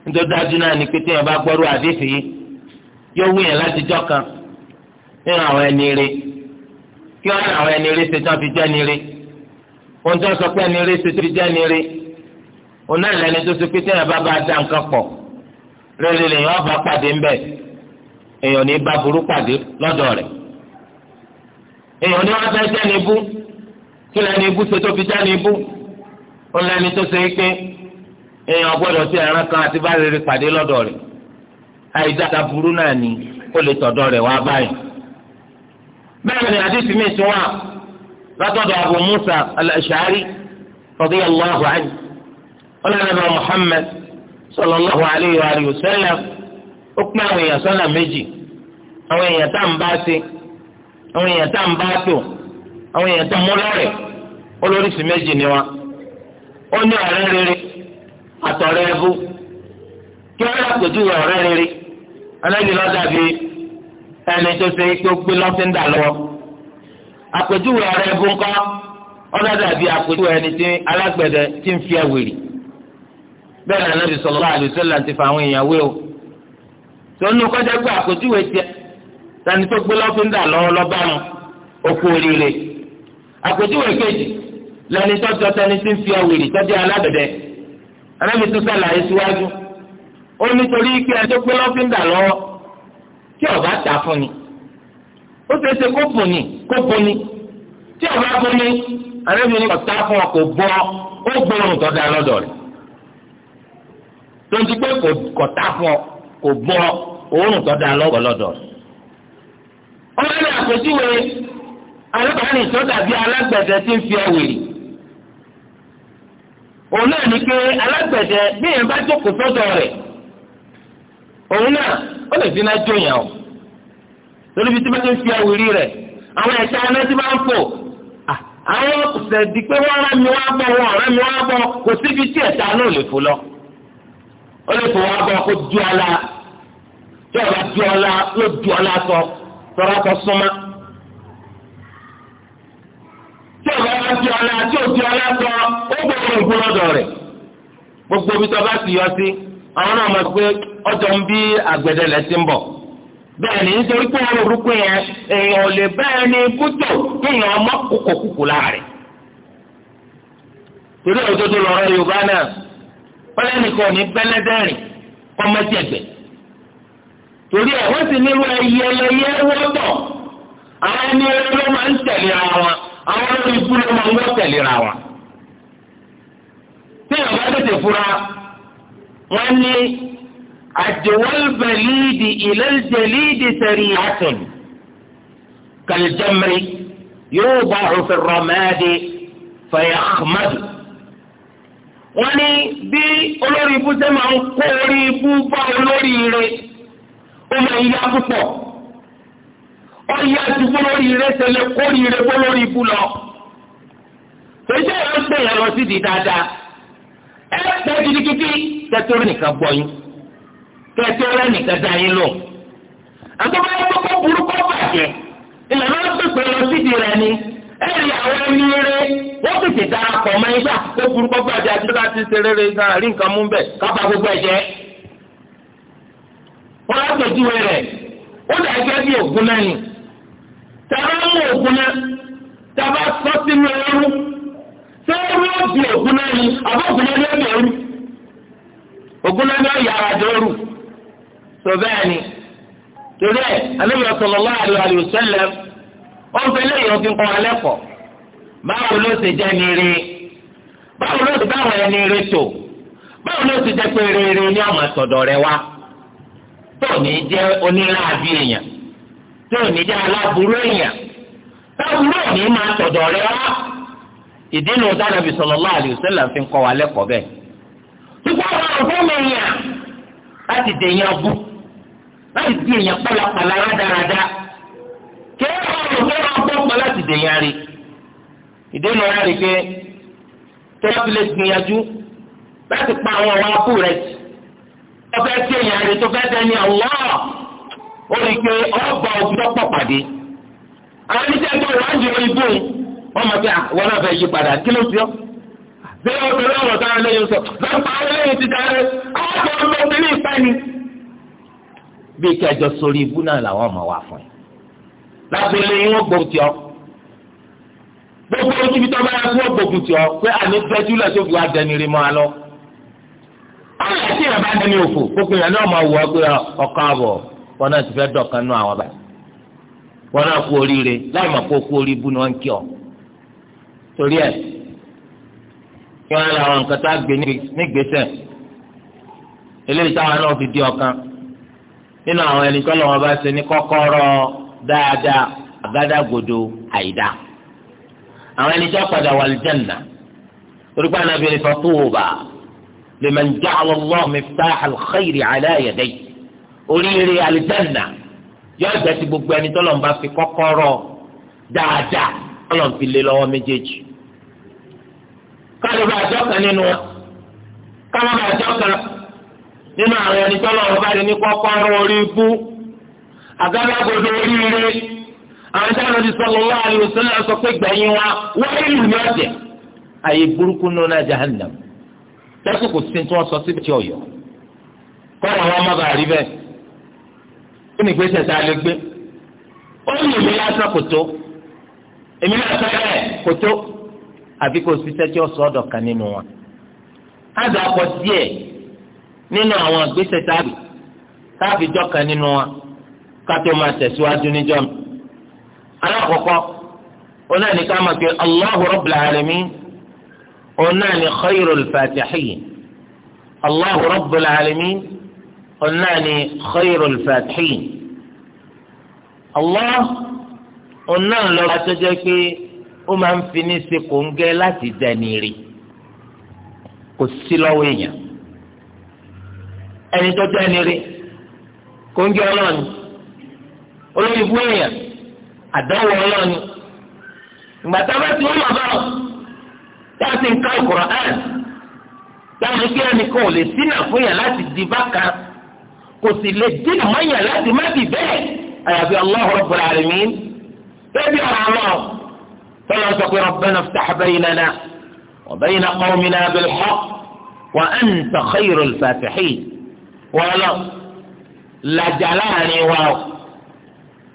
nítorí dájú náà ni pété yẹn bá gbọ́rú àdéhùn yìí yóò wú yẹn láti jọ́ kan nínú àwọn ẹni kí wọ́n ní àwọn ẹni rí ṣe fi jẹ́ ni tó sọ pé ẹni ṣe fi jẹ́ ni náà tó ṣe pété yẹn bá bá dá nǹkan pọ̀ rẹ́rẹ́ ọba pàdé ńbẹ̀ èèyàn ní bá burú pàdé èèyàn ní wọn fẹẹ jẹ ní ibú kí lẹni ibú ṣe tó fi já ní ibú lẹni tó ṣe pé èèyàn gbọ́dọ̀ sí ẹran kan àti bá rere pàdé àìdáta burú náà ni ó lè wá báyìí. ni Abu Musa al-Ash'ari radiyallahu anhu Muhammad sallallahu alayhi wa ó pín àwọn èèyàn Sọlá méjì àwọn èèyàn tá à ń bá ṣe. àwọn èèyàn tá à ń bá tó àwọn èèyàn tá à mú lọ́rẹ̀ olóríṣi méjì ni wọn ó ní ọ̀rẹ́ rere àtọ̀rẹ́ ẹbú kí wọ́n yà pẹ̀jú ọ̀rẹ́ rere anáyí lọ dàbí ẹni tó ṣe pé ó gbé lọ́síńdà lọ́wọ́ àpèjúwe ọ̀rẹ́ ẹbú ńkọ́ àpèjúwe ẹni tí alágbẹ̀dẹ ti ń fi ẹ̀wìrì bẹ́ẹ̀ ni Ànábì sallallahu alaihi wasallam ti fa àwọn èèyàn wé o tó nínú kọjá pé àpèjúwe tiẹ̀ sani tó gbé lọ́fíńdà lọ́wọ́ lọ́ba wọn òkú oríire àpèjúwe kejì lẹni tó tọ́ tẹni tí ń fi ọ̀wìrì tọ́jú alábẹ̀dẹ anábì tó sàlàyé síwájú ó nítorí pé ẹni tó gbé lọ́fíńdà lọ́wọ́ tí ọba tà fún ni ó ṣeé ṣe kó bùn ni kó bùn ni tí ọba bùn ni anábì ní ọ̀tá fún ọ kò bọ́ ó gbóòórùn tó da lọ́dọ̀ rẹ̀ tó ń ti pé kò kọ̀tá fún ọ kò bọ́ òórùn tó da lọ́dọ̀ rẹ̀ ọmọ ní àpèjúwe alábàárìn tó dàbí alágbẹ̀dẹ tí ń fi ẹwìrì òun náà ní pé alágbẹ̀dẹ bí èèyàn bá jókòó sọ́dọ̀ rẹ̀ òun náà ó lè fi náà jóyàn o lórí bí tí bá ti ń fi ẹwìrì rẹ̀ àwọn ẹ̀ṣẹ́ aná tí bá ń fò àwọn ọ̀sẹ̀ di pé wọ́n rán mi wá bọ̀ wọ́n rán mi wá bọ̀ kò síbi tí ẹ̀ṣẹ́ aná ò lè fò lọ ó lè fò wá bọ̀ kó tọrọ tó súnmọ́. tí ọ̀gá bá ti ọ̀la tí òsì sọ ó rẹ̀ gbogbo ibi tó bá ti yọ sí àwọn náà mọ̀ pé ọjọ́ ń bí àgbẹ̀dẹ̀lẹ̀ ti ń bọ̀ bẹ́ẹ̀ ni nítorí pé wọ́n yẹn èèyàn ò lè bẹ́ẹ̀ ni kútó kéèyàn ọmọ kókò kúkú láàrin. torí Yorùbá náà ní kọ́mọ́tì torí ẹ̀ wọ́n sì nílò ẹyẹ ẹyẹ wọ́tọ̀ àwọn ẹni ló máa ń tẹ̀lé ra wọn àwọn ẹni ikú ló máa ń wọ́ tẹ̀lé ra wọn. tí ìyàwó bá tètè fura wọ́n ní àjẹwọ́lbẹ̀lìdì ìlẹ́jẹ̀lìdì tẹ̀rí àtùn kàlìjẹ́mìrì yóò bá òfin rọ̀mẹ́ẹ́dì fẹ̀yà ahmadu wọ́n ní bí olórí ibú sẹ́ máa ń kó orí ibú bá olórí rẹ̀ ó máa ń yá púpọ̀ ó yá dùgbò lórí ìrẹsẹ̀lẹ̀ kórìíre bó lórí ibú lọ. Ṣèjọ́ ìwé ń pèyàn lọ sí di dáadáa. Ẹ pẹ́ gidi kíkí kẹ́tọ́ nìkan gbọ́ yín. Kẹ́tọ́ rẹ̀ nìkan dá yín lò. Àtọ́gbà yẹn kọ́kọ́ burúkú bàjẹ́. Ìlànà ń pèpè lọ sí di rẹ̀ ni. Ẹ rí àwọn ẹni rẹ̀ wọ́n tètè darapọ̀ mọ́ ẹgbà. Ó burúkú bàjẹ́ àti wọn á pèjúwe rẹ̀ ó dà gẹ́gẹ́ bí ògùn náà ni tàbá mú ògùn náà tàbá sọ sínú ẹrú ògùn náà ni àbọ̀ ògùn náà ni ó bẹ̀rù ògùn náà ni ó tó ní oníláàbí èèyàn tó ní aláburú èèyàn táwùrú òní máa tọ̀dọ̀ rẹ wá ìdí nu dánàbí sallallahu fi ń wa lẹ́kọ̀ọ́ bẹ́ẹ̀. ṣùgbọ́n àwọn ọ̀gbọ́n èèyàn láti dè bù láti èèyàn láti dè rí. pé tẹ́lá fi lè gbìyànjú láti pa àwọn akú ọfẹ tí èèyàn rẹ tó fẹ́ dẹni ọwọ́ ó rí i pé ọgbà òkúta pọ̀ pàdé àwọn oníṣẹ́ ẹgbẹ́ rẹ̀ wáńjì orí bóun wọ́n mọ̀ pé àwọn ah, náà fẹ́ yí padà kí ló ti ọ́ bí wọ́n fi lọ́rọ̀ táwọn eléyìí sọ lọ́pọ̀ àwọn eléyìí ti dáre àwọn ọmọ ọmọ obìnrin ìfẹ́ ni. bí kẹjọ sórí ibú náà làwọn ọmọ wà fún ẹ lábẹ́lẹ́ yín wọ́n gbóhùn tí ọ gbogbo ojú bí tọ́ bá yẹ kó gbóhùn tí ọ pé àní gbẹ́jú lẹ́sọ̀ fi wá dẹni rí mọ́ alọ́. kọ́lá tí yàrá bá dẹni òfò yàrá náà máa ọ pé ọkọ àbọ̀ wọn náà ti fẹ́ dọ̀kan nú àwọn báyìí wọn náà kú oríire láì máa kó kú orí ni wọn ń kí ọ torí ẹ kí wọn làwọn nǹkan tá a gbé nígbésẹ̀ eléyìí táwọn náà fi di ọkan nínú àwọn ẹni tọ́lọ̀ wọn bá ṣe ní kọ́kọ́rọ́ dáadáa àgádágodo àwọn ẹni tí wọn padà liman ja'ala Allah miftaha al-khayri ala yadayhi oríire alìjẹ́nà yóò jẹ́ ti gbogbo ẹni tọ́lọ̀ ń bá fi kọ́kọ́rọ́ dáadáa tọ́lọ̀ ń fi lé lọ́wọ́ méjèèjì. kálíbà àjọkàn nínú wa kálíbà àjọkàn nínú àwọn ẹni tọ́lọ̀ ń bá rí ní kọ́kọ́rọ́ orí ibú àgádágodo oríire àwọn táwọn ti sallallahu alaihi wasallam sọ pé gbẹ̀yìn wa wọ́n rí ìlú ní ọ̀jẹ̀ àyè burúkú náà jahannam tẹ́sí kò sí tí wọ́n sọ síbi tí ọ̀yọ́ kọ́ra wọn má bàa rí bẹ́ẹ̀ kí ni ìgbésẹ̀ tá a lè gbé ó lè mi lásán kò tó èmi náà sọ bẹ́ẹ̀ kò tó àfi kò sí tẹ́tí ọ̀sọ́ ọ̀dọ̀ kan nínú wọn. á dà pọ̀ díẹ̀ nínú àwọn ìgbésẹ̀ tábì tábì jọ kan nínú wọn ká tó máa tẹ̀síwájú níjọ́ mi. alákọ̀ọ́kọ́ ó náà ní ká máa pe Allahu Rabbil Alamin ọ̀nà ni khayrul fatihin allahu rabbul alamin ọ̀nà ni khayrul fatihin allah ọ̀nà lọ́wọ́ àtọ́jọ́ pé ó máa ń fi ní ṣe kòńgẹ́ láti dẹni rí kò sí lọ́wọ́ èèyàn ẹni tó dẹni rí kòńgẹ́ olórí fún èèyàn àdánwò ọlọ́ọ̀ni ti wọ́n lọ bá láti ń ka ìkúrọ̀ Kùránì láti kí kan ò lè sínà fún yàn láti di bákan kò sì lè dínà mọ́ yàn láti má di bẹ́ẹ̀ àyàfi Allahu Rabbul Alamin bẹ́ẹ̀ bí ọ̀rọ̀ àlọ́ tọ́lá sọ pé ọbẹ̀ náà yìí Rabbana iftah baynana wa bayna qawmina bil haqq wa anta khayrul fatihin wọ́n lọ làjà láàrin wa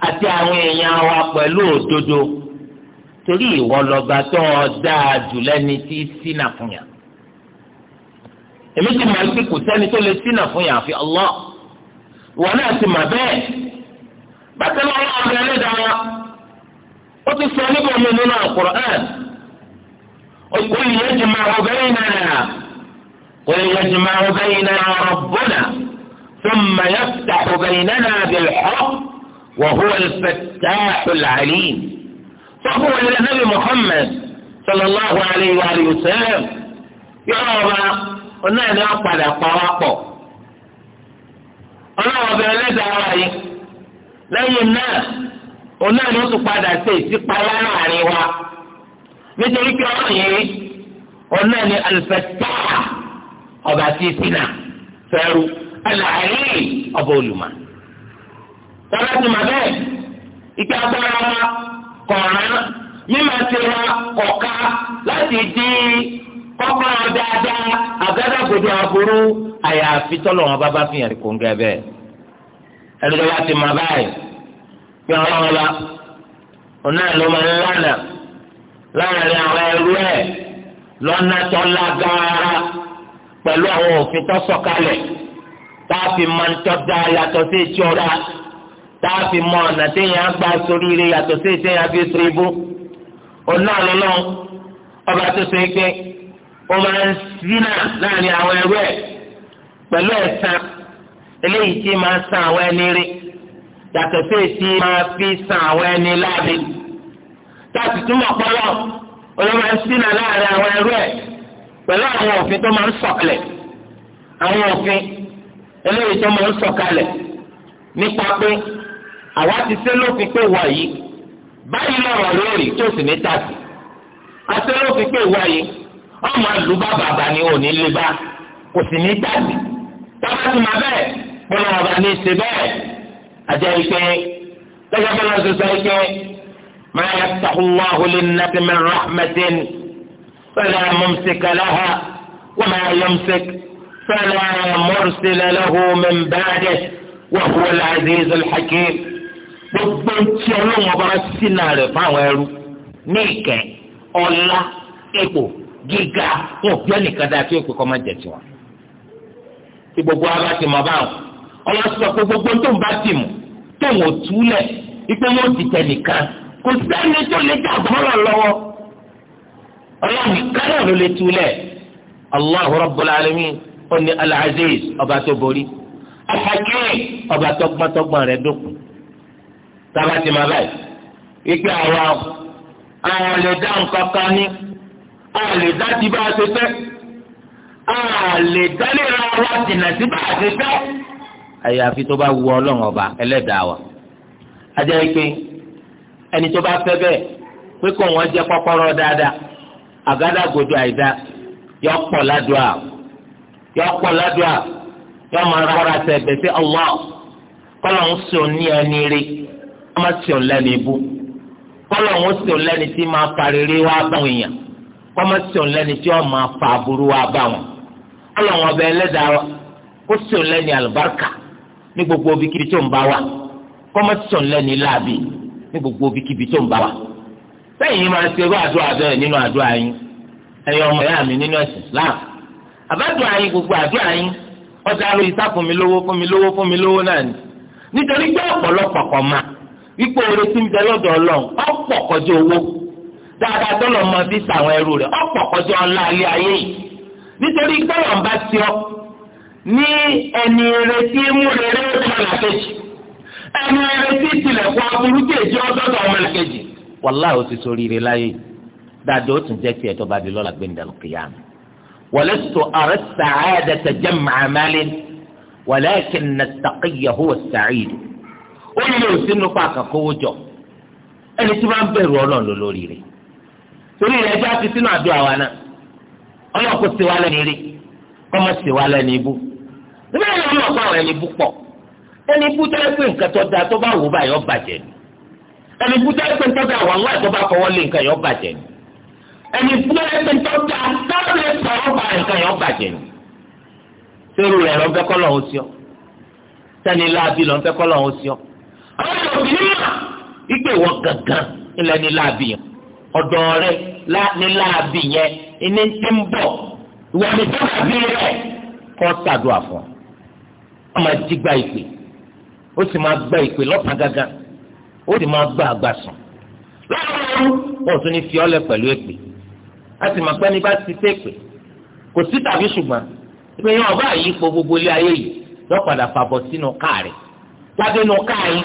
àti àwọn èèyàn wa pẹ̀lú òdodo. torí ìwọ lọba tó ọ dáa jù lẹ́ni tí ṣínà fún yà èmi ti mọ̀ pé kò sẹ́ni tó lè ṣínà fún yà àfi Allah ìwọ náà ti mà bẹ́ẹ̀ bàtà náà wọn ọbẹ ẹlẹdàá iwo ó ti mo bee bata naa won obe níbo wọ nínú Al-Qur'an òkú ìyẹn jùmọ̀ ọbẹ yìí náà kò ìyẹn jùmọ̀ ọbẹ yìí náà Rabbuna ثم يفتح بيننا بالحق وهو الفتاح العليم fọ́kùn wọn lè nàbì Muhammad sallallahu alayhi wa sallam yọ̀rọ̀ ọba ọ̀nà ẹ̀ ní wọ́n padà pa wá pọ̀ ọlọ́wọ́ ọbẹ̀ ẹlẹ́dàá wa yìí lẹ́yìn náà ọ̀nà ẹ̀ ní wọ́n tún padà ṣe ìsípayá láàrin wa nítorí pé ọ̀rọ̀ yìí ọ̀nà ẹ̀ ní alifẹ̀tà ọba tí sinà fẹ́rù alàyè ọba olùmọ̀ tọ́lá ti mà bẹ́ẹ̀ ìgbà agbára wa kọ̀ọ̀rán mímọ ti wa kọ̀ọ̀ká láti di kọ́kọ́rọ́ dáadáa àgádágodo aburú àyàfi tọ́lọ̀ wọn bá bá fi hàn kó ń gẹ́ bẹ́ẹ̀. ẹni tó bá ti mọ báyìí pé ọlọ́run la ọ̀nà ló máa ń lánà láàrin àwọn ẹrú ẹ̀ lọ́nà tó lágara pẹ̀lú àwọn òfin tó sọ̀kalẹ̀ tá máa ń tọ́ da yàtọ̀ sí ìtì tààfin mọ ọ̀nà téèyàn á gbà sórí rẹ yàtọ̀ sí téèyàn á fi sọ ibú ọ̀nà ọ̀lọ́lọ́ ọba tó so pé ó máa ń sínà láàrin àwọn ẹrú ẹ̀ pẹ̀lú ẹ̀san eléyìí tí máa san àwọn ẹni rí yàtọ̀ sí tí máa fi san àwọn ẹni láàbí tààfin túmọ̀ pọ́lọ́ olóma ń sínà láàrin àwọn ẹrú ẹ̀ pẹ̀lú àwọn òfin tó máa ń sọ̀kalẹ̀ àwọn òfin eléyìí tó máa ń sọ̀kalẹ̀ nípa pé àwa ti ṣe lófin pé wà yìí báyìí lọ̀rọ̀ lórí tó sì ní tàbí àṣẹ lófin pé wà yìí ọmọ àlùbá bàbá ni ò ní lè bá kò sì ní tàbí tọ́lá ti máa bẹ́ẹ̀ kpọ́nà ọba ní ṣe bẹ́ẹ̀ àjẹ́ ike lọ́jọ́ bọ́lá ń sọ ike máa yẹ tàkùnwá hulẹ̀ nàti mi rahmatin fẹ́lẹ́ mọ̀mùsìkàláha wọ́n máa yọ̀mùsìk fẹ́lẹ́ mọ̀rùsìlẹ́lẹ́hu mi bàdẹ́ wọ́n kúrò láàzí ìzọlḥakim. gbogbo tí ọlọ́run ọba sínú rẹ̀ fáwọn ẹrú ní ìkẹ́ ọlá epo gíga dáa tí ó pè kọ́ máa jẹ tiwọn. tí gbogbo ara ti mọ báwọn ọlọ́sọ pé gbogbo tó ń bá mú tó ń túlẹ̀ wọn ti nìkan kò sẹ́ni tó lè dá lọ́wọ́ ọlọ́run ló lè túlẹ̀ ọba tó borí sábàtì máa báyìí ipe àwa àwọn lè dá nǹkan kan ní a lè dá ti bá a ṣe fẹ́ a lè dá léra wa dìnnà sí bá a ṣe fẹ́. àyàfi tó bá wu ọlọ́run ọba ẹlẹ́dàá wa ajá ike ẹni tó bá fẹ́ bẹ́ẹ̀ pé kó wọn jẹ́ kọ́kọ́rọ́ dáadáa àgádágodo àìdá yọ pọ̀ ládùá yọ pọ̀ ládùá yọ máa rárá sẹ̀ bẹ̀ sí ọlọ́ọ̀ kọ́lọ́ ń sọ ní ẹni rí má sì ń lẹ́nu ibú kọ́lọ̀ ń sì ń lẹ́nu tí máa fa wá báwọn èèyàn kọ́ má sì lẹ́nu tí wọ́n máa fa aburú wá báwọn kọ́lọ̀ ń ọbẹ̀ ẹlẹ́dàá wa kó sì ń lẹ́nu àlùbáríkà ní gbogbo ibikíbi tó ń bá wa kọ́ má sì ń lẹ́nu láàbì ní gbogbo ibikíbi tó ń bá wa. sẹ́yìn yìí máa ṣe irú àdúrà bẹ́ẹ̀ nínú àdúrà yín ẹ̀yin ọmọ ìyá mi nínú ẹ̀sìn Islam àbádùn àyìn gbogbo àdúrà yín ọjà lóyún sá fún mi lówó fún mi lówó fún lówó náà ni nítorí pé ọ̀pọ̀lọpọ̀ kọ̀ máa wípé oore tí ń bẹ lọ́dọ̀ ọlọ́run ọ̀pọ̀ kọjá owó dáadáa tọ́lọ̀ mọ bí sàwọn ẹrú rẹ̀ ọ̀pọ̀ kọjá ọlá ilé ayé yìí nítorí tọ́lọ̀ ń bá ti ọ ní ẹni retí mú rere ẹni retí tilẹ̀kùn aburú kejì ọ̀dọ̀dọ̀ ọmọ làkejì wàláhì ti sọ rire láyé dáadáa ó tún jẹ́ tiẹ̀ tó bá di lọ́la gbẹ̀ndàlùkìyàmù ولست أرى ó lè sínú pàkà kówó jọ ẹni tí wọ́n bẹ̀rù Ọlọ́run ló lórí rẹ̀ torí rẹ̀ ẹjọ́ ti sínú àdúrà wa náà Ọlọ́run kò sí wa lẹ́ni rí kọ́mọ sí wa lẹ́ni ibú nígbà yẹn lọ́wọ́ pa àwọn ẹni ibú pọ̀ ẹni ibú tẹ́lẹ̀ pé nǹkan tó da tó bá wò báyìí ó bàjẹ́ ni ẹni ibú tẹ́lẹ̀ pé nǹkan tó da wà wá tó bá fọwọ́ lé nǹkan yóò bàjẹ́ ni ẹni ibú tẹ́lẹ̀ pé nǹkan tó da tó lè sọ̀rọ̀ bá nǹkan yóò bàjẹ́ ni sẹ́rù rẹ̀ ọ sẹ́ni láabi lọ́fẹ́ àwọn yóò fi mímà wípé ìwọ gangan ilẹ̀ ní láàbì yẹn ọ̀dọ̀ rẹ ní láàbì yẹn iní ti ń bọ̀ ìwọ ní sábàbí rẹ kọ́ sàdúrà fún ọ. wọ́n máa jí gba ìpè ó sì máa gba ìpè lọ́sàn-án gangan ó sì máa gba àgbà sùn. lọ́wọ́ wọn ò tún ní fi ọ́lẹ̀ pẹ̀lú èpè a sì máa pẹ́ ní bá ti tẹ́ èpè kò sí tàbí ṣùgbọ́n ìpè yẹn ọba yìí gbogbo ilé ayé yìí lọ́padà fàbọ̀ sínú káàrẹ̀ lábẹ́nu káàyìn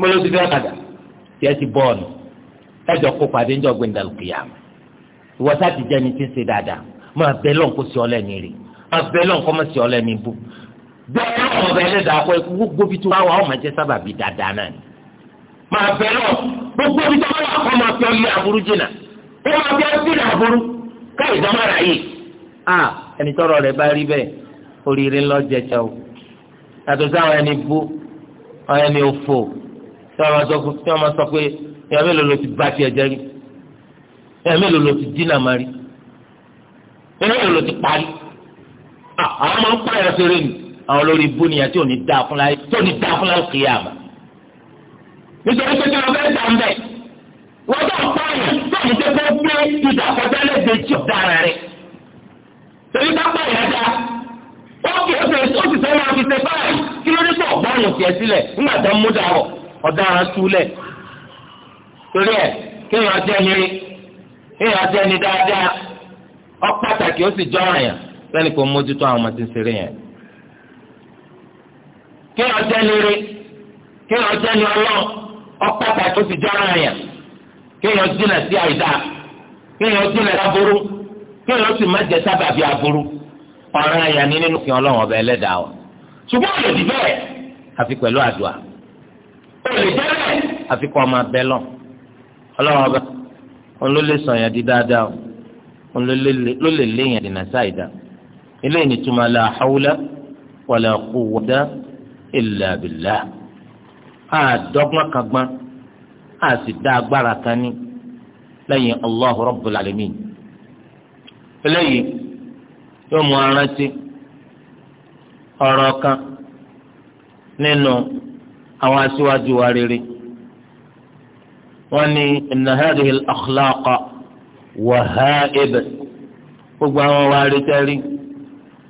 mo ló ti fẹ́ padà tí ẹ ti bọ́ọ̀nù ẹjọ́ kó pàdé ńjọ́ gbẹ̀ndà lùkìyàmù ìwọ sáà ti jẹ́ni tí ń ṣe dáadáa máa bẹ lọ́n kó sí ọ lẹ́ni rí máa bẹ lọ́n kó má sí ọ lẹ́ni bú bẹ́ẹ̀ lọ́wọ́ bẹ́ẹ̀ lẹ́dàá akọ ikú gbogbo bí tó wà ọ́ máa jẹ́ sábàbí dáadáa náà ni máa bẹ lọ́n gbogbo bí tó wà kọ́ máa fi aburú jìnnà ó máa fi ọ sí aburú káyì dámàrà yìí. a ẹni tọrọ rẹ bá rí bẹ́ẹ̀ oríire ńlọ jẹjẹ o yàtọ̀ sáwọn ẹni bú ọ ẹni òfò tí wọ́n máa sọ pé tí wọ́n máa sọ pé ìyá mélòó ló ti bá tiẹ̀ jẹ́ rí ìyá mélòó ló ti dínà máa rí ìyá mélòó ló ti parí àwọn máa ń pààyàn sórí ni àwọn olórí ibú nìyà tí ò ní dáa fúnra tí ò ní dáa fúnra kì í àmà nítorí pé kí wọ́n fẹ́ẹ́ dà ń bẹ̀ wọ́n tó ń pààyàn tó ń tẹ́ kó gbé ìdàkọ̀tẹ́lẹ̀ torí bá pààyàn ẹja ó kì í ṣe ó sì fẹ́ máa ṣe báyìí kí ló dé tó ọ̀gbọ́n ọ̀daràn túlẹ̀ torí ẹ̀ kéèyàn jẹ́ ní kéèyàn jẹ́ ní dáadáa ó pàtàkì ó sì jọ àyàn lẹ́nu kò mójútó àwọn ọmọ tí ń ṣeré yẹn. kéèyàn jẹ́ jẹ́ pàtàkì ó sì jọ àyàn kéèyàn jìnà sí àìdá jìnà sábúrú sì má jẹ sábàbí ọ̀ràn àyàn ní nínú kí ọlọ́run ọba ó lè jẹ́ bẹ́ẹ̀. àfikún ọmọ abẹ lọ ọlọ́run ọba òun ló lè sọ yẹn di dáadáa o òun ló lè lé yẹn dènà sáìdá ilé ìnìtumọ̀ la hawla wala quwwata illa billah àdọ́gbọ́n kan gbọ́n a sì dá agbára kan ní lẹ́yìn Allahu rabbul eléyìí yóò mú arántí ọ̀rọ̀ kan nínú àwọn aṣíwájú wa rere wọ́n ní inna hadhihi al-akhlaqa wahaib gbogbo àwọn wa retẹ́rí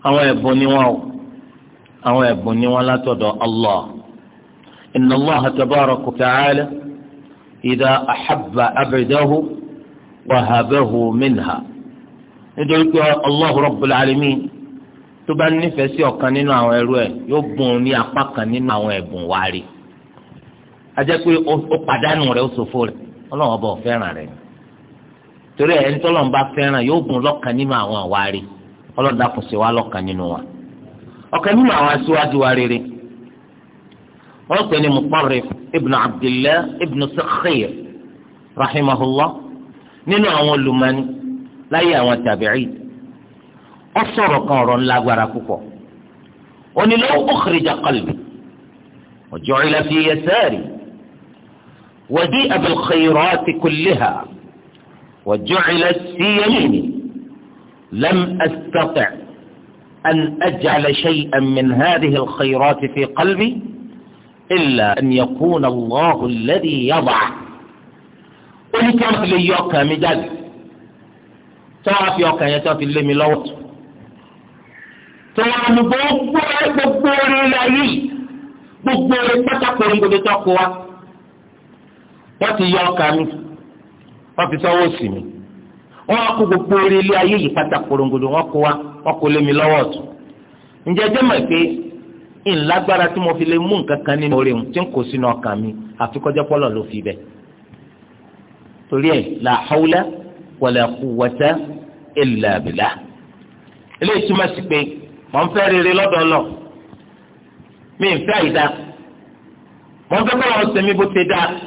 àwọn ẹ̀bùn ni wọ́n o àwọn ẹ̀bùn ni wọ́n látọ̀dọ̀ allah inna allah tabaraka wa ta'ala idha ahabba abdahu wahabahu minha nítorí pé allah rabbul alamin tó bá nífẹ̀ẹ́ sí ọ̀kan nínú àwọn ẹrú ẹ̀ yóò bùn ní apá kan nínú àwọn ẹ̀bùn wa rí ajẹ́ pé ó pàdánù rẹ̀ ó ṣòfò rẹ̀ ọlọ́run ọba ò fẹ́ràn rẹ̀ torí ẹni tọ́lọ̀ ń bá fẹ́ràn yóò bùn lọ́kàn nínú àwọn àwárí ọlọ́run dàpọ̀ sí wa lọ́kàn nínú wa ọ̀kan nínú àwọn aṣíwájú wa rere wọ́n pè ní Mutarrif ibn Abdillah ibn Sakhir rahimahullah nínú àwọn olùmọ̀ni láyé àwọn tàbíì ó sọ̀rọ̀ kan ọ̀rọ̀ ńlágbára púpọ̀ ó ní law ukhrija qalbi wa ju'ila وجيء بالخيرات كلها وجعلت في يميني لم أستطع أن أجعل شيئا من هذه الخيرات في قلبي إلا أن يكون الله الذي يضع ولكن لي يوكا مجال تعرف يوكا يتعرف اللي ملوت تعرف بغبور بغبور لأيه بغبور بغبور بغبور wọ́n ti yọ ọkà mi wọ́n fi sọ́wọ́ sí mi wọ́n kó gbogbo orí ilé ayé yìí pátá korongodo wọ́n kó wa wọ́n kó lé mi lọ́wọ́ ọ̀tún ǹjẹ́ jẹ́ mọ̀ pé ìlágbára tí mo fi lè mú nǹkan kan nínú orí tí ń kó sínú ọkàn mi àfi pọ́lọ̀ ló fi bẹ̀ torí ẹ̀ la hawla wala quwwata illa billah eléyìí túmọ̀ sí pé mo ń fẹ́ rere lọ́dọ̀ lọ mi ń fẹ́ àyídá mo ń fẹ́ kọ́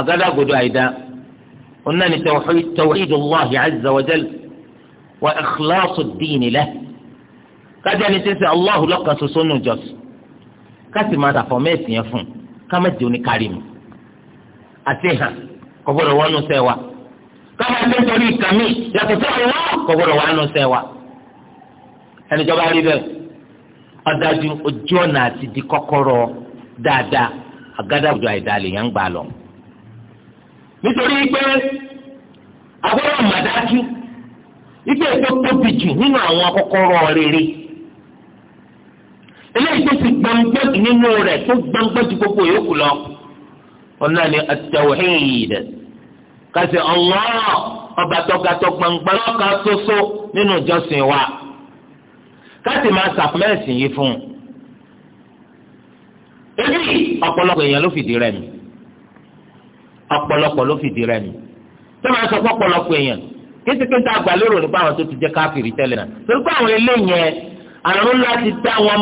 àgádágodo àìdá òun náà ni tawhidullahi azza wa jal wa ikhlasu diini lẹ kájà ni sísè Allahu lọ́kàn ṣoṣo nù jọ́sìn kásì máa tàfọ́ mẹ́ẹ̀sì yẹn fún kámẹ́tì oníkàrímù àti hàn kọ́gbọ́dọ̀ wọ́n nù sẹ́ wa kámẹ́tì nítorí ìkàmì yàtọ̀ sí ọ̀rọ̀ kọ́gbọ́dọ̀ wọ́n nù sẹ́ wa ẹnìjọba rí bẹ́ẹ̀ ọ̀dájú ojú ọ̀nà àti di kọ́kọ́rọ́ dáadáa àgádágodo àìdá lè yẹn ń gbà lọ nítorí pé agbọ́dọ̀ màdájú ipe ètò tóbi jù nínú àwọn kọ́kọ́rọ́ rere eléyìí tó ti gbọ̀ngbọ́n nínú rẹ̀ tó gbọ̀ngbọ́n ju gbogbo yòókù lọ ọ̀nà ni at-tawhid kasi Allah ọba tọgatọ gbọ̀ngbọ́n lọ́ka soso nínú ìjọsìn wa káti máa sàpẹ́ẹ̀sì yìí fún un ebi ọ̀pọ̀lọpọ̀ èèyàn ló fìdí rẹ̀ mi. Ọpọlọpọ ló fìdí rẹ̀ mi tó máa sọ pọ̀pọ̀lọpọ̀ èèyàn kéṣekéṣe àgbàlérò nípa àwọn tó ti jẹ́ káfíìrì náà torí pé àwọn eléyìí yẹn àrùn ńlá ti dá wọn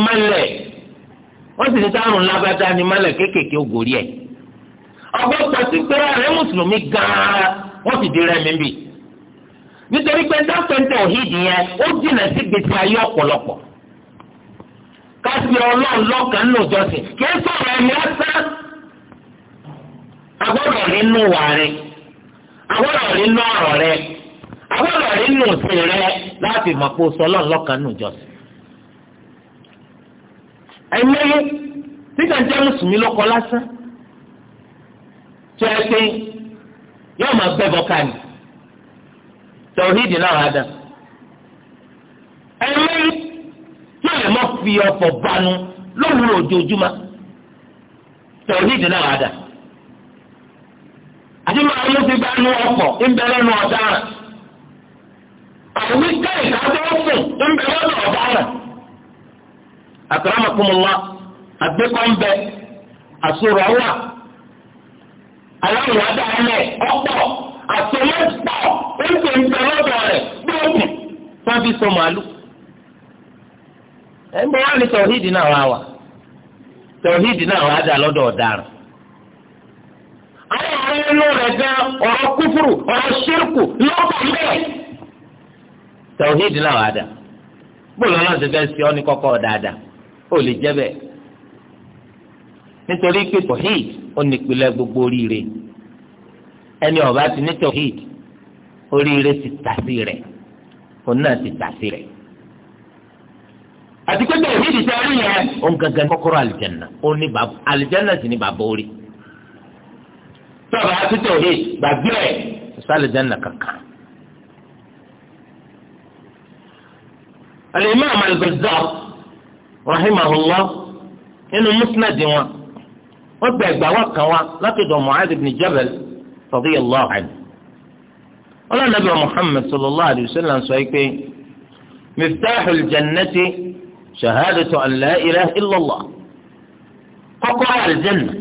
sì ti dá àrùn ńlá bá ni kéékèèké ògòrí pàṣẹ pé ààrẹ mùsùlùmí gan-an mi bì nítorí pé yẹn ó jìnà sí gbèsè ayé kì í sọ̀rọ̀ ẹ̀mí agbọ́dọ̀ nínú wà rẹ agbọ́dọ̀ nínú ọ̀rọ̀ rẹ agbọ́dọ̀ nínú òsè rẹ láti mọ̀ pé o sọ lọ́n lọ́kàn nù jọ́sìn. ẹ̀mẹ́yẹ títà ń jẹ́ mùsùlùmí lọ́kọ lásán tó ẹ pé yóò máa bẹ́ bọ́ káàní tọ̀hídì náà á dà. ẹ̀mẹ́yẹ yóò lè mọ̀ fi ọ̀pọ̀ banu lóhùn náà dà. àti màá ló ti bá nu ọkọ̀ ńbẹ̀rẹ̀ nu ọ̀daràn àwọn kẹ́yìn ká fún ńbẹ̀rẹ̀ nu ọ̀daràn. àkàràmọ̀kùnmọ̀lá àgbékọ̀ńbẹ àsòrò ọ̀wà aláwọ̀ adáyẹlẹ̀ ọ̀pọ̀ àtọ̀lẹ́pọ̀ oúnjẹ ńbẹ̀rẹ̀ ọ̀dọ̀ rẹ̀ gbọ́ọ̀kù fún fi so màálù. ń bọ̀ wá ní náà wá wà náà wá dà nínú rẹ̀ gan ọ̀rọ̀ kúfùrù ọ̀rọ̀ ṣírkù lọ́pọ̀ mẹ́ẹ̀. tẹ̀wéèdì náà wà dà bóòlù ọlọ́run ti fẹ́ sí ọ ní kọ́kọ́ ó lè jẹ́ bẹ́ẹ̀ nítorí pé gbogbo oríire ẹni ọba ti ní tọ̀híd ti tà sí rẹ̀ ti tà sí rẹ̀ àti pé tọ̀híd ti rí yẹn òun gangan kọ́kọ́rọ́ si ó ní bàbá tọ́ba tẹ̀ òde gbàgbé ẹ̀ sálẹ̀ jẹ́nà kankan. al-Imam al inú rahimahullah di musnad wọn wọ́n gba ẹgbàá wa kan wa látọ̀dọ̀ Mu'adh ibn Jabal radiyallahu anhu. ọlọ́run nàbẹ̀ muhammed sallallahu alayhi wa sallam sọ pé miftahul jannati shahadatu an la ilaha illallah kọ́kọ́rọ́ àlùjẹ́nà.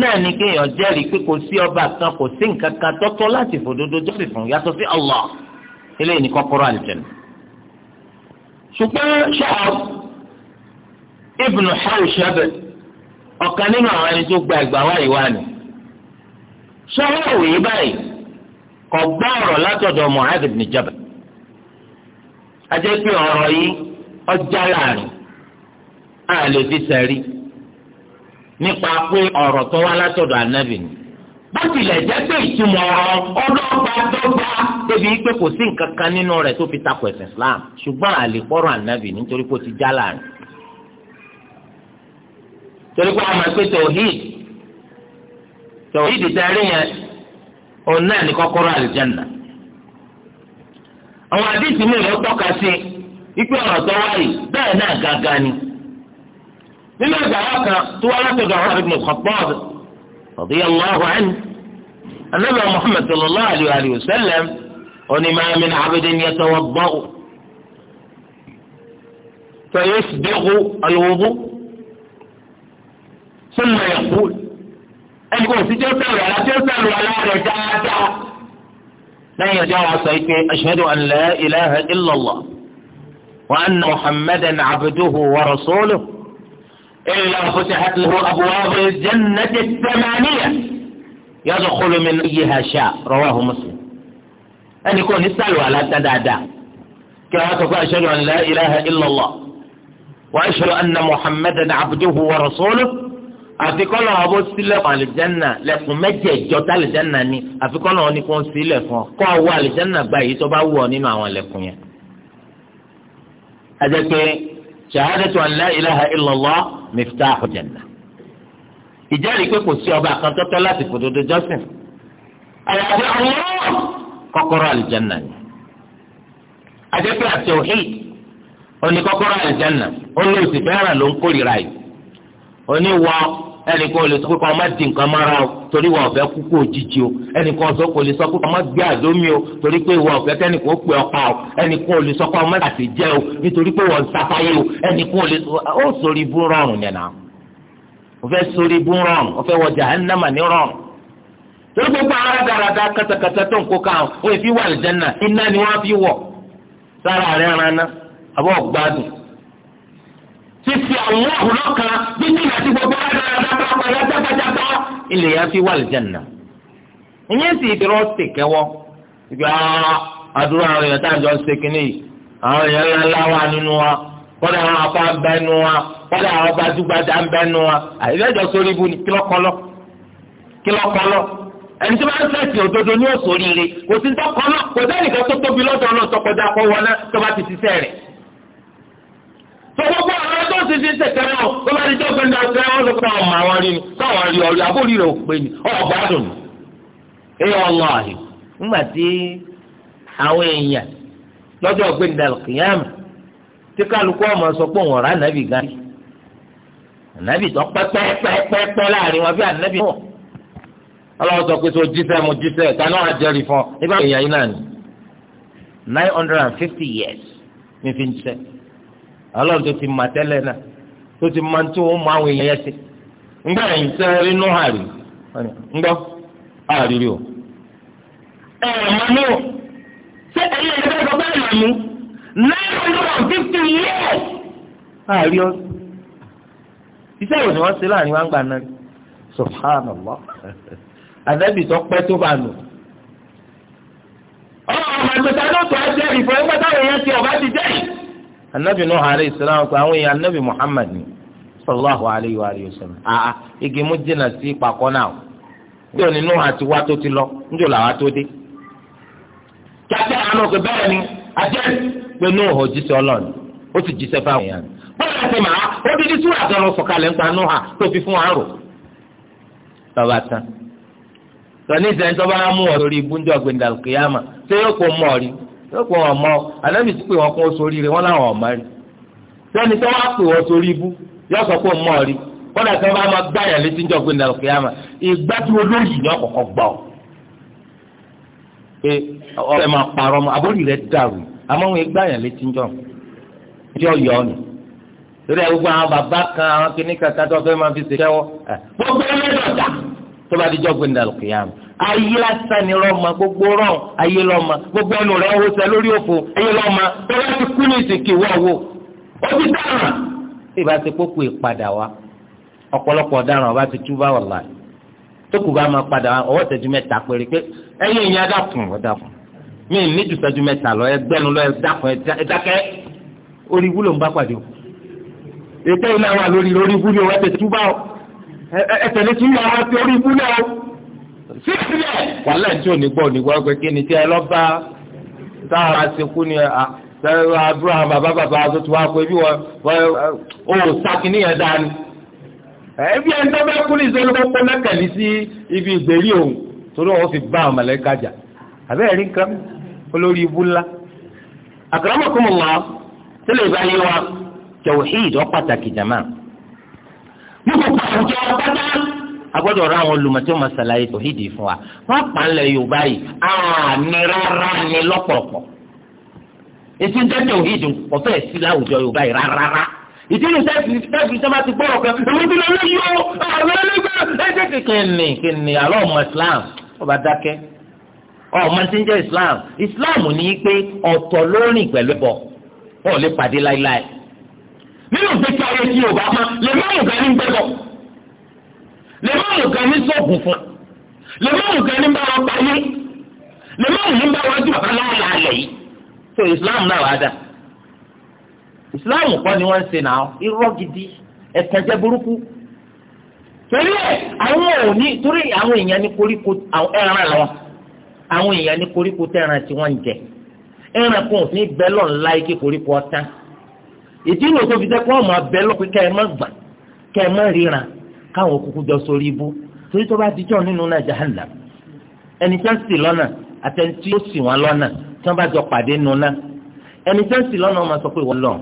náà ni kéèyàn jẹ́rìí pé kò sí ọba kan kò sí nǹkan kan tọ́tọ́ láti fòdodo jọ́sìn fún yàtọ̀ sí Allah eléyìí ni kọ́kọ́rọ́ àlùjànnà. ṣùgbọ́n ṣáàb ibn Hawshab ọ̀kan nínú àwọn ẹni tó gba ẹgbàá wáyé wá ni. ṣáàb yìí báyìí kò gbọ́ ọ̀rọ̀ látọ̀dọ̀ Mu'adh ibn ajẹ́ pé ọ̀rọ̀ yìí ọjà láàrin a lè nípa pé ọ̀rọ̀ tó wá látọ̀dọ̀ ànábì ni bó tilẹ̀ jẹ́ pé ìtumọ̀ ọ̀rọ̀ ọlọ́gbàdọ́gba débi pé kò sí nǹkan kan nínú rẹ̀ tó fi takò ẹ̀sìn Islam ṣùgbọ́n àlèkọ́rọ̀ ànábì nítorí ti já láàrin torí pé a máa pé tòhíd tòhíd tẹ̀rí yẹn òun náà ní kọ́kọ́rọ́ àwọn àdìsí mi tọ́ka sí لما دعاك طوالتك عمر بن الخطاب رضي الله عنه ان محمد صلى الله عليه واله وسلم قل ما من عبد يتوضأ فيسبغ الوضوء ثم يقول أقول في جسر ولا جسر ولا رجاجة لا يجاع أشهد أن لا إله إلا الله وأن محمدا عبده ورسوله إلا فتحت له أبواب الجنة الثمانية يدخل من أيها شاء رواه مسلم أن يكون يسألوا على تدادا كما تقول أشهد أن لا إله إلا الله وأشهد أن محمدا عبده ورسوله àfikún náà bó sílẹ̀kùn àlìjánà lẹ́kùn mẹ́jẹ̀ẹ̀jọ tá àlìjánà ni àfikún náà ní kó ń sílẹ̀ fún ọ kó àwọ àlìjánà gba èyí tó bá wù ọ nínú àwọn ẹlẹ́kùn yẹn. àjẹpẹ́ shahadatu an la ilaha illallah miftahu jannah ìjẹ́rìí pé kò sí ọba kan tọ́tọ́ láti fòdodo jọ́sìn àyàfi àwọn kọ́kọ́rọ́ àlìjánà ni àjẹpẹ́ àti òhì oní kọ́kọ́rọ́ àlìjánà ó ní fẹ́ràn ló ń kórìíra yìí oní ẹnìkan ò lè sọ pé kọ́ ọ má di nǹkan mọ́ra o torí wọn ọ̀fẹ́ kú kó òjijì o ẹnìkan sọ kò lè sọ pé kọ́ ọ má gbé àdómi o torí pé wọn ọ̀fẹ́ kẹ́nìkan ó pè ọ́pá o ẹnìkan ò lè sọ pé ọ má dàsí jẹ́ o nítorí pé wọn ń sáfáyé o ẹnìkan ò lè sọ ó sórí ibú rọrùn yẹn náà o fẹ́ sórí ibú rọrùn ó fẹ́ wọ jahannama ní rọrùn torí gbogbo àwọn adarada katakata tó ń kó ká o èfi wà lìjánná iná ni wọ́n fi wọ̀ fífi àwọn àwòrán kan bíbí àti gbogbo àdàdàdàpọ̀ àdàdàdàpọ̀ ilẹ̀ yẹn fi wà lìjànà. ìyẹn sì ìdúró sì kẹwọ́ ìgbà àdúrà àwọn èèyàn táwọn jọ ń ṣe kínní yìí àwọn èèyàn ńlá ńlá wà nínú wa kọ́dà àwọn afá ń bẹ nínú wa kọ́dà àwọn gbajúgbajà ń bẹ nínú wa àìlẹ́jọ́ sórí ibu ni kílọ́kọ́lọ́ kílọ́kọ́lọ́ ẹni tí wọ́n fẹsẹ òdodo ní òṣòríire kò sí tọkọ kò sẹ́nìkan tó tóbi lọ́dọ̀ náà tọkọjá kọ tó bá ti ṣiṣẹ́ rẹ̀ tó gbogbo àwọn tó ti fi ń tẹ̀tẹ̀ wọn ó bá di jọ́pẹ́ ní ọ̀sẹ̀ wọn ló pa ọmọ àwọn rí ni káwọn rí ọrí àbórí rẹ̀ òpè ni ọ̀gbádùn ni. ẹ ọlọ àyè ńgbà tí àwọn èèyàn lọ́jọ́ ọ̀gbẹ́ni dàlùkìyàmù tí kálukú ọmọ sọ pé òun ọ̀rá nàbì gan ànábì tó pẹ́pẹ́pẹ́pẹ́ láàrin wọn bí ànábì náà ọlọ́wọ́ sọ pé kaná wà fún ọ nígbà years ọlọ́run tó ti mà tẹ́lẹ̀ náà tó ti máa tó ń mọ àwọn èèyàn yẹn ti ńgbà yìí sẹ́ inú àrí ńgbọ́ o. ẹ mọ ní o ṣé ẹyẹ ìgbà tó bá yà mí nine hundred and fifty years. àárí ọ iṣẹ́ ìròyìn wọn ṣe láàrin wọn gbà náà subhanallah àdẹ́bì tó pẹ́ tó bá lò. ọ̀rọ̀ ọ̀gbẹ̀ta ló tó ẹ jẹ́rìí fún ẹgbẹ́ táwọn èèyàn ti anabi nuhu alayhi salam anabi muhammad ni sallallahu alayhi wa alayhi wa sallam igi jina si sí pàkọ́ náà bí òní nuhu ti lọ níjò làwa tó dé kíákíá àánú pé bẹ́ẹ̀ ni ajẹ́ pé nuhu ò jíṣẹ́ ọlọ́ọ̀ni ó sì jíṣẹ́ fáwọn èèyàn bọ́lá ẹ̀sẹ̀ màá ti di pa nuhu tó fi fún àrò lọ́ba tán tọ́ní lọ́pọ̀ ọmọ anábì ti pè wọ́n kún sórí rẹ̀ wọ́n láwọn ọmọ rí sẹ́ni tó wá pè wọ́n sórí ibú yóò sọ pé mọ́ rí kọ́dà tí wọ́n bá máa gbáyà létí níjọ́ pé nàlùkì yá ma ìgbà tí wọ́n lóyìn ní ọ̀kọ̀ọ̀kọ̀ gbà ọ́ pé ọ̀rẹ́ máa parọ́ mọ́ àbórí rẹ̀ dàrú àmọ́ wọn gbáyà létí níjọ́ tí ó yọ ọ́nù torí ẹ̀ gbogbo àwọn bàbá kan àwọn kìnnìkan tó bá dijọ́ gbé ndàlù kìyàm ayé lásán ni lọ́mọ gbogbo rán ayé lọ́mọ gbogbo ẹnu rẹ̀ wò sẹ́ lórí òfò ayé lọ́mọ tó bá ti kú ní ìsìnkì wọ́ wò ó ti dára tí ìbá ti kókó ìpadà wa ọ̀pọ̀lọpọ̀ ọ̀daràn ọba ti túbà wọ̀lá tó kù bá máa padà ọwọ́ ìṣẹ́jú mẹ́ta péré pé ẹ̀yìn ìyá dàkùn ọ̀dàkùn mí ní ju ìṣẹ́jú mẹ́ta lọ ẹgbẹ́nu lọ ẹ̀dàkùn ẹ̀dákẹ́ orí wúlò ń bá pàdé o ètò ìlànà lórí lórí wúlò ẹ̀ tẹ̀ túbà ọ̀ ẹtẹ̀lé sí ìyàwó àti orí ibú náà síbílẹ̀ wàhálà tí ò ní gbọ́ ní gbọ́ pé kí ni tí ẹ lọ bá sára sekú ni àdúrà bàbá bàbá tó ti wá pé bí wọ́n ó sàkíní yẹn dání. ẹbí ẹni tó bá kú ní ìṣẹ́lú kókó lẹ́kẹ̀lí sí ibi ìgbèrí òun torí wọn fi bá àwọn mọ̀lẹ́ka jà àbẹ́rẹ́ rí nǹkan olórí ibú ńlá. wa tẹ́lẹ̀ ìbáyé wa tẹ̀wọ̀ ní gbogbo àwọn olùmọ̀ tí ó máa ṣàlàyé fún wa pa ńlẹ̀ yorùbá yìí àmì rárá ni lọ́pọ̀lọpọ̀ etí ń dẹ́tẹ̀ òhídìí kò fẹ́ sí láwùjọ yorùbá yìí rárá ìdí ni sẹ́ẹ̀fì sẹ́ẹ̀fì ti gbọ́rọ̀ kan èmi ti lọ lé yọ àwọn ẹlẹ́gbẹ́ ẹ̀jẹ̀ kìkìnnì kìnnì àlọ́ ọmọ islam ọba dákẹ́ ọmọ tí ń jẹ́ islam islam ní pé ọ̀tọ̀ nínú ìgbésí ayé tí yorùbá máa lè má nǹkan ní gbẹ́bọ̀ lè má nǹkan ní sọ́ọ̀gùn fún lè má nǹkan ní bá wọn payé lè má nǹkan ní bá wọn jù bàbá láwọn làálẹ̀ yìí so islam náà wàá dà islam kọ́ ni wọ́n ń ṣe náà irọ́ gidi ẹ̀tẹ̀jẹ̀ burúkú torí ẹ̀ àwọn òní torí àwọn èèyàn ní koríko ẹran lọ àwọn èèyàn ní koríko tẹ̀ràn tí wọ́n ń jẹ ẹran kan ò ní bẹ́lọ̀ ńlá ike koríko ọ̀tán ìdí ìlò tó fi jẹ́ kó ọmọ abẹ lọ́pẹ́ kẹ́ ẹ má gbà kẹ́ ẹ má ríran káwọn kúkú jọ sórí ibú torí tó bá na nínú náà jahannam ẹni tí wọ́n sì lọ́nà àtẹni tí ó sì wọ́n lọ́nà tí wọ́n bá jọ pàdé nínú náà ẹni tí wọ́n sì lọ́nà ọmọ sọ pé wọ́n lọ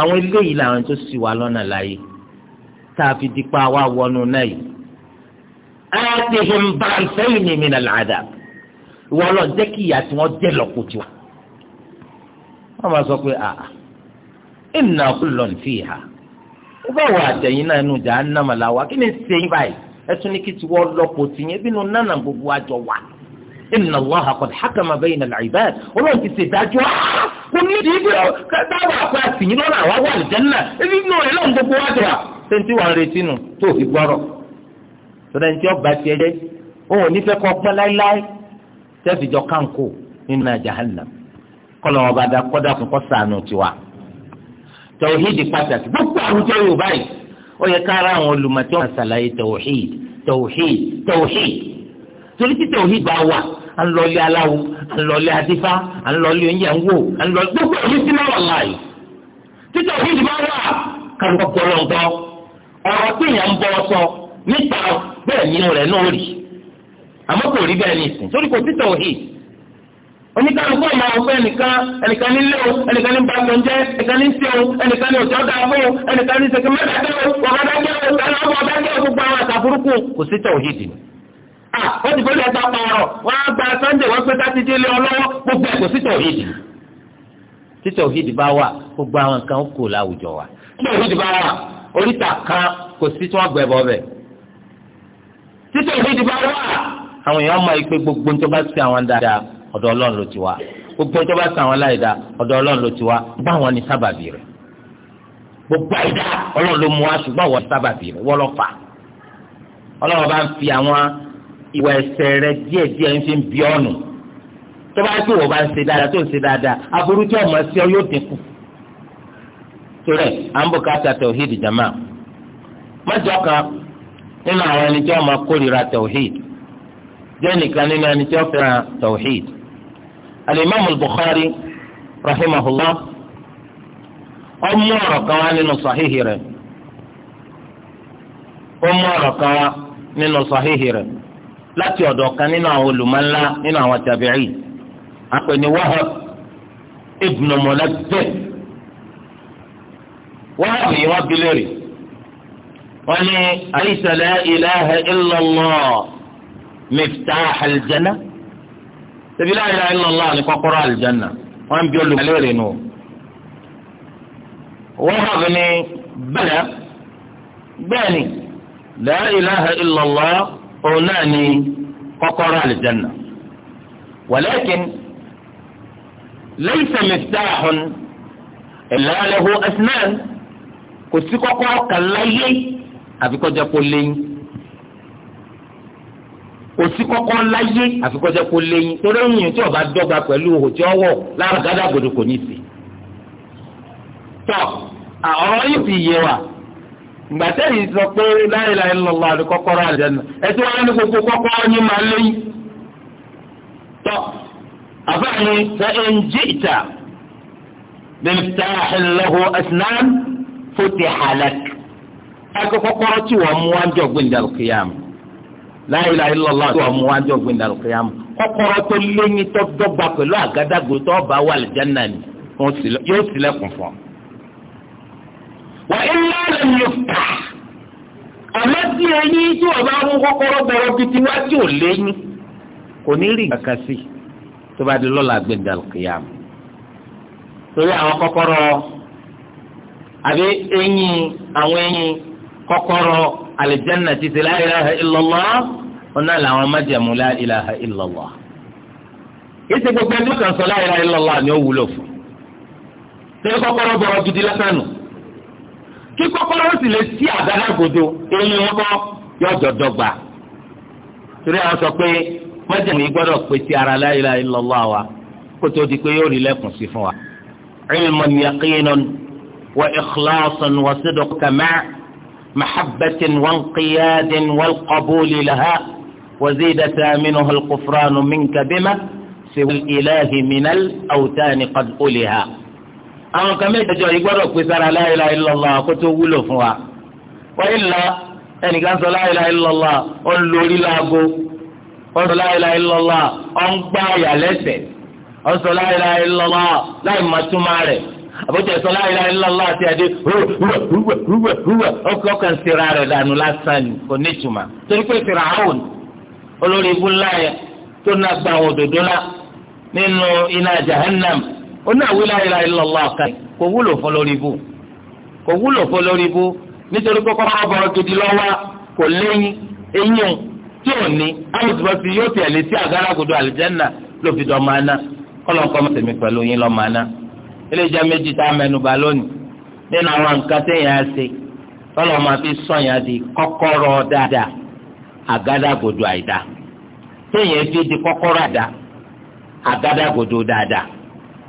àwọn eléyìí làwọn tó sì a fi dípa wá wọnú náà yìí lọ jẹ́ kí ìyà tí wọ́n jẹ́ lọ́kùtù wa inna kullun fiha báwo àtẹ̀yìn náà inú jahannama la wà kí ni sèyìn báyìí ẹtún ní kí ti wọ́n lọ́pọ̀ tì yẹn bínú nánà gbogbo àjọ wà inna Allaha qad hakama bayna al-ibad olóòtú ti ṣe dájọ́ kò ní ìdí ibi dábàá àpò àtìyìn lọ́nà àwọn wà lìjẹ́nà ebi nù ẹ̀ lọ́n gbogbo wájú wa sẹ́ńtì wà ń retí nù tó fi gbọ́rọ̀ sọdẹ́ntì ọba tiẹ̀ jẹ́ òun ò ní fẹ́ tọ̀wọ̀hídì pàtàkì gbogbo àwùjọ yorùbá yìí ó yẹ kára àwọn olùmọ̀tí wọn àṣàlàyé tọ̀wọ̀híd tọ̀wọ̀híd tọ̀wọ̀híd torí tí tọ̀wọ̀híd bá wà à ń lọlé aláwo à ń lọlé adífá à ń lọlé oúnjẹ ń wò à ń lọlé gbogbo èyí sí náà wà yìí tí tọ̀wọ̀híd bá wà kàlùkọ gbọlọgbọ ọ̀rọ̀ tí èèyàn ń bọ́ sọ níta bẹ́ẹ̀ nínú rẹ̀ náà rí àmọ́ kò rí bẹ́ẹ̀ ní ìsìn torí kò sí tọ̀wọ̀híd oníkálukú ọmọ àwọn fún ẹnìkan ẹnìkan nílé o ẹnìkan ní bá tó ń jẹ ẹnìkan ní ṣe o ẹnìkan ní òjò dáa fún o ẹnìkan ní sèké mẹ́ta dé o ọba dájẹ o ọba ọba dájẹ o gbogbo àwọn àtàbúrúkú kò sí tẹ òyìnbí. a wọ́n ti fẹ́ẹ́ ta pààrọ̀ wọ́n á gba sunday wọ́n pé sátidé lé ọlọ́wọ́ gbogbo ẹ̀ kò sí tẹ òyìnbí. títẹ òyìnbí bá wà àwọn nǹkan ó kò láwùjọ wa títẹ bá wà àwọn èèyàn ọdọ ọlọ́run ló ti wá gbogbo tó bá sàn wọn láì dá ọ̀dọ̀ ọlọ́run ló ti wá gbá wọn ní sábàbí rẹ̀ gbogbo àìdá ọlọ́run ló mú wa ṣùgbọ́n wọ́n sábàbí rẹ̀ wọ́n lọ fà bá ń fi àwọn ìwà ẹ̀ṣẹ̀ rẹ̀ ń fi bí tó bá tó bá ń ṣe dáadáa tó ń ṣe dáadáa aburú tí ọmọ ọ yóò dínkù torí à ń bùkátà tawhid jama mọ́jọ́ kan nínú àwọn ẹni tí kórìíra tawhid jẹ́ nìkan nínú ẹni tí fẹ́ràn tawhid alimami Bukhari rahimahullah ọmú ọ̀rọ̀ kan wá nínú sàhíhì rẹ̀ ọmú ọ̀rọ̀ kan wá nínú sàhíhì rẹ̀ láti ọ̀dọ̀ kan nínú àwọn olùmọ̀ńlá nínú àwọn tàbíì àpẹni Wahab ibn Munabbih Wahab yìí wọ́n bi léèrè wọ́n ní alaysa la ilaha illallah miftah al-jannah ṣebí la ilaha illallah ní kọ́kọ́rọ́ àlùjáná wọ́n ń bí olùmọ̀lẹ́rẹ̀ nù. wọ́n hàn ní bẹ́ẹ̀ bẹ́ẹ̀ ni la ilaha illallah òun náà ní kọ́kọ́rọ́ àlùjáná. walakin laysa miftahun illa lahu asnan kò sí kọ́kọ́rọ́ kan láyé àfikọ́jọ́ kó léyìn. òsì kọ́kọ́ láyé àfikọ́jẹ́ kó léyìn torí ẹ̀yìn tí ọba dọ́gba pẹ̀lú òhò tí ọwọ́ lára gàdàgbòdo kò ní sí. tọ́ ọ̀rọ̀ yìí yé wa gbàtẹ́rì sọ pé láìláì ńlọlọ àti kọ́kọ́rọ́ àjẹnà ẹtí wọn ní gbogbo kọ́kọ́rọ́ ní máa léyìn. tọ́ sọ ẹnjẹ ìta láìláì illallah tó ọmọ wa ń jọ gbin dàrú kìyàmù kọ́kọ́rọ́ tó léyìn tó dọ́gba pẹ̀lú àgádágodo tó bá wà lìjánà ni yóò ṣílẹ̀kùn fún Wa wà á ilé rẹ̀ ní ọ̀tà àmọ́ tí ẹyin tí wọ́n bá mú kọ́kọ́rọ́ bọ̀rọ̀ bìtì wá tí ò léyìn kò ní rí nǹkan sí tó bá di lọ́la gbin dàrú kìyàmù. torí àwọn kọ́kọ́rọ́ àbí ẹyin àwọn ẹyin kọ́kọ́rọ́ alìjẹ́nà ti ṣe la ilaha illallah ọ̀nà làwọn májẹ̀mú la ilaha illallah ìṣe gbogbo ẹni kan sọ la ilaha illallah ni ó wúlò fún tẹ́lẹ̀ kọ́kọ́rọ́ bọ̀rọ̀ gidi lọ́sànù kí kọ́kọ́rọ́ sì lè sí àgádágodo èyí wọn kọ́ yọ dọ̀dọ̀ gbà torí àwọn sọ pé májẹ̀mú yìí gbọ́dọ̀ pèsè ara la ilaha illallah wa kótó di pé yóò rí lẹ́kùn sí fún wa ilman yaqinan محبة وانقياد والقبول لها وزيد ثامنها القفران منك بما سوى الإله من الأوتان قد أولها àwọn kan mẹ́jọ ìgbọ́dọ̀ pé sára la ilaha illallah kó tó wúlò fún wa wọ́n ìlà ẹnìkan sọ la ilaha illallah ó ń lórí láago ó ń sọ la ilaha illallah ó ń gbá àyà lẹ́sẹ̀ ó ń sọ la ilaha illallah láì máa túmọ̀ rẹ̀ àbójú ẹ̀sọ́ la ilaha illallah àti adé rúwẹ̀ ọkọ̀ ọkọ̀ ń sira rẹ̀ dànù lásán ni kò ní ìtumọ̀ torí pé Fìràhùn olórí ibú ńlá yẹn tó ná gba àwọn òdòdó ńlá nínú iná jahannam ó náà wí la ilaha ọ̀kan kò wúlò fún lórí ibú kò wúlò fún lórí ibú nítorí kókó ọ̀bọ̀rọ̀ gidi lọ́wọ́ kò léyìn eyín tí ò ní alùpùpù yóò tẹ̀lé eléjà méjì tá a mẹ́nubà lónìí nínú àwọn nǹkan téèyàn á ṣe máa fi sọ̀yàn di kọ́kọ́rọ́ dáadáa àgádágodo àìdá téèyàn fi di kọ́kọ́rọ́ àdá àgádágodo dáadáa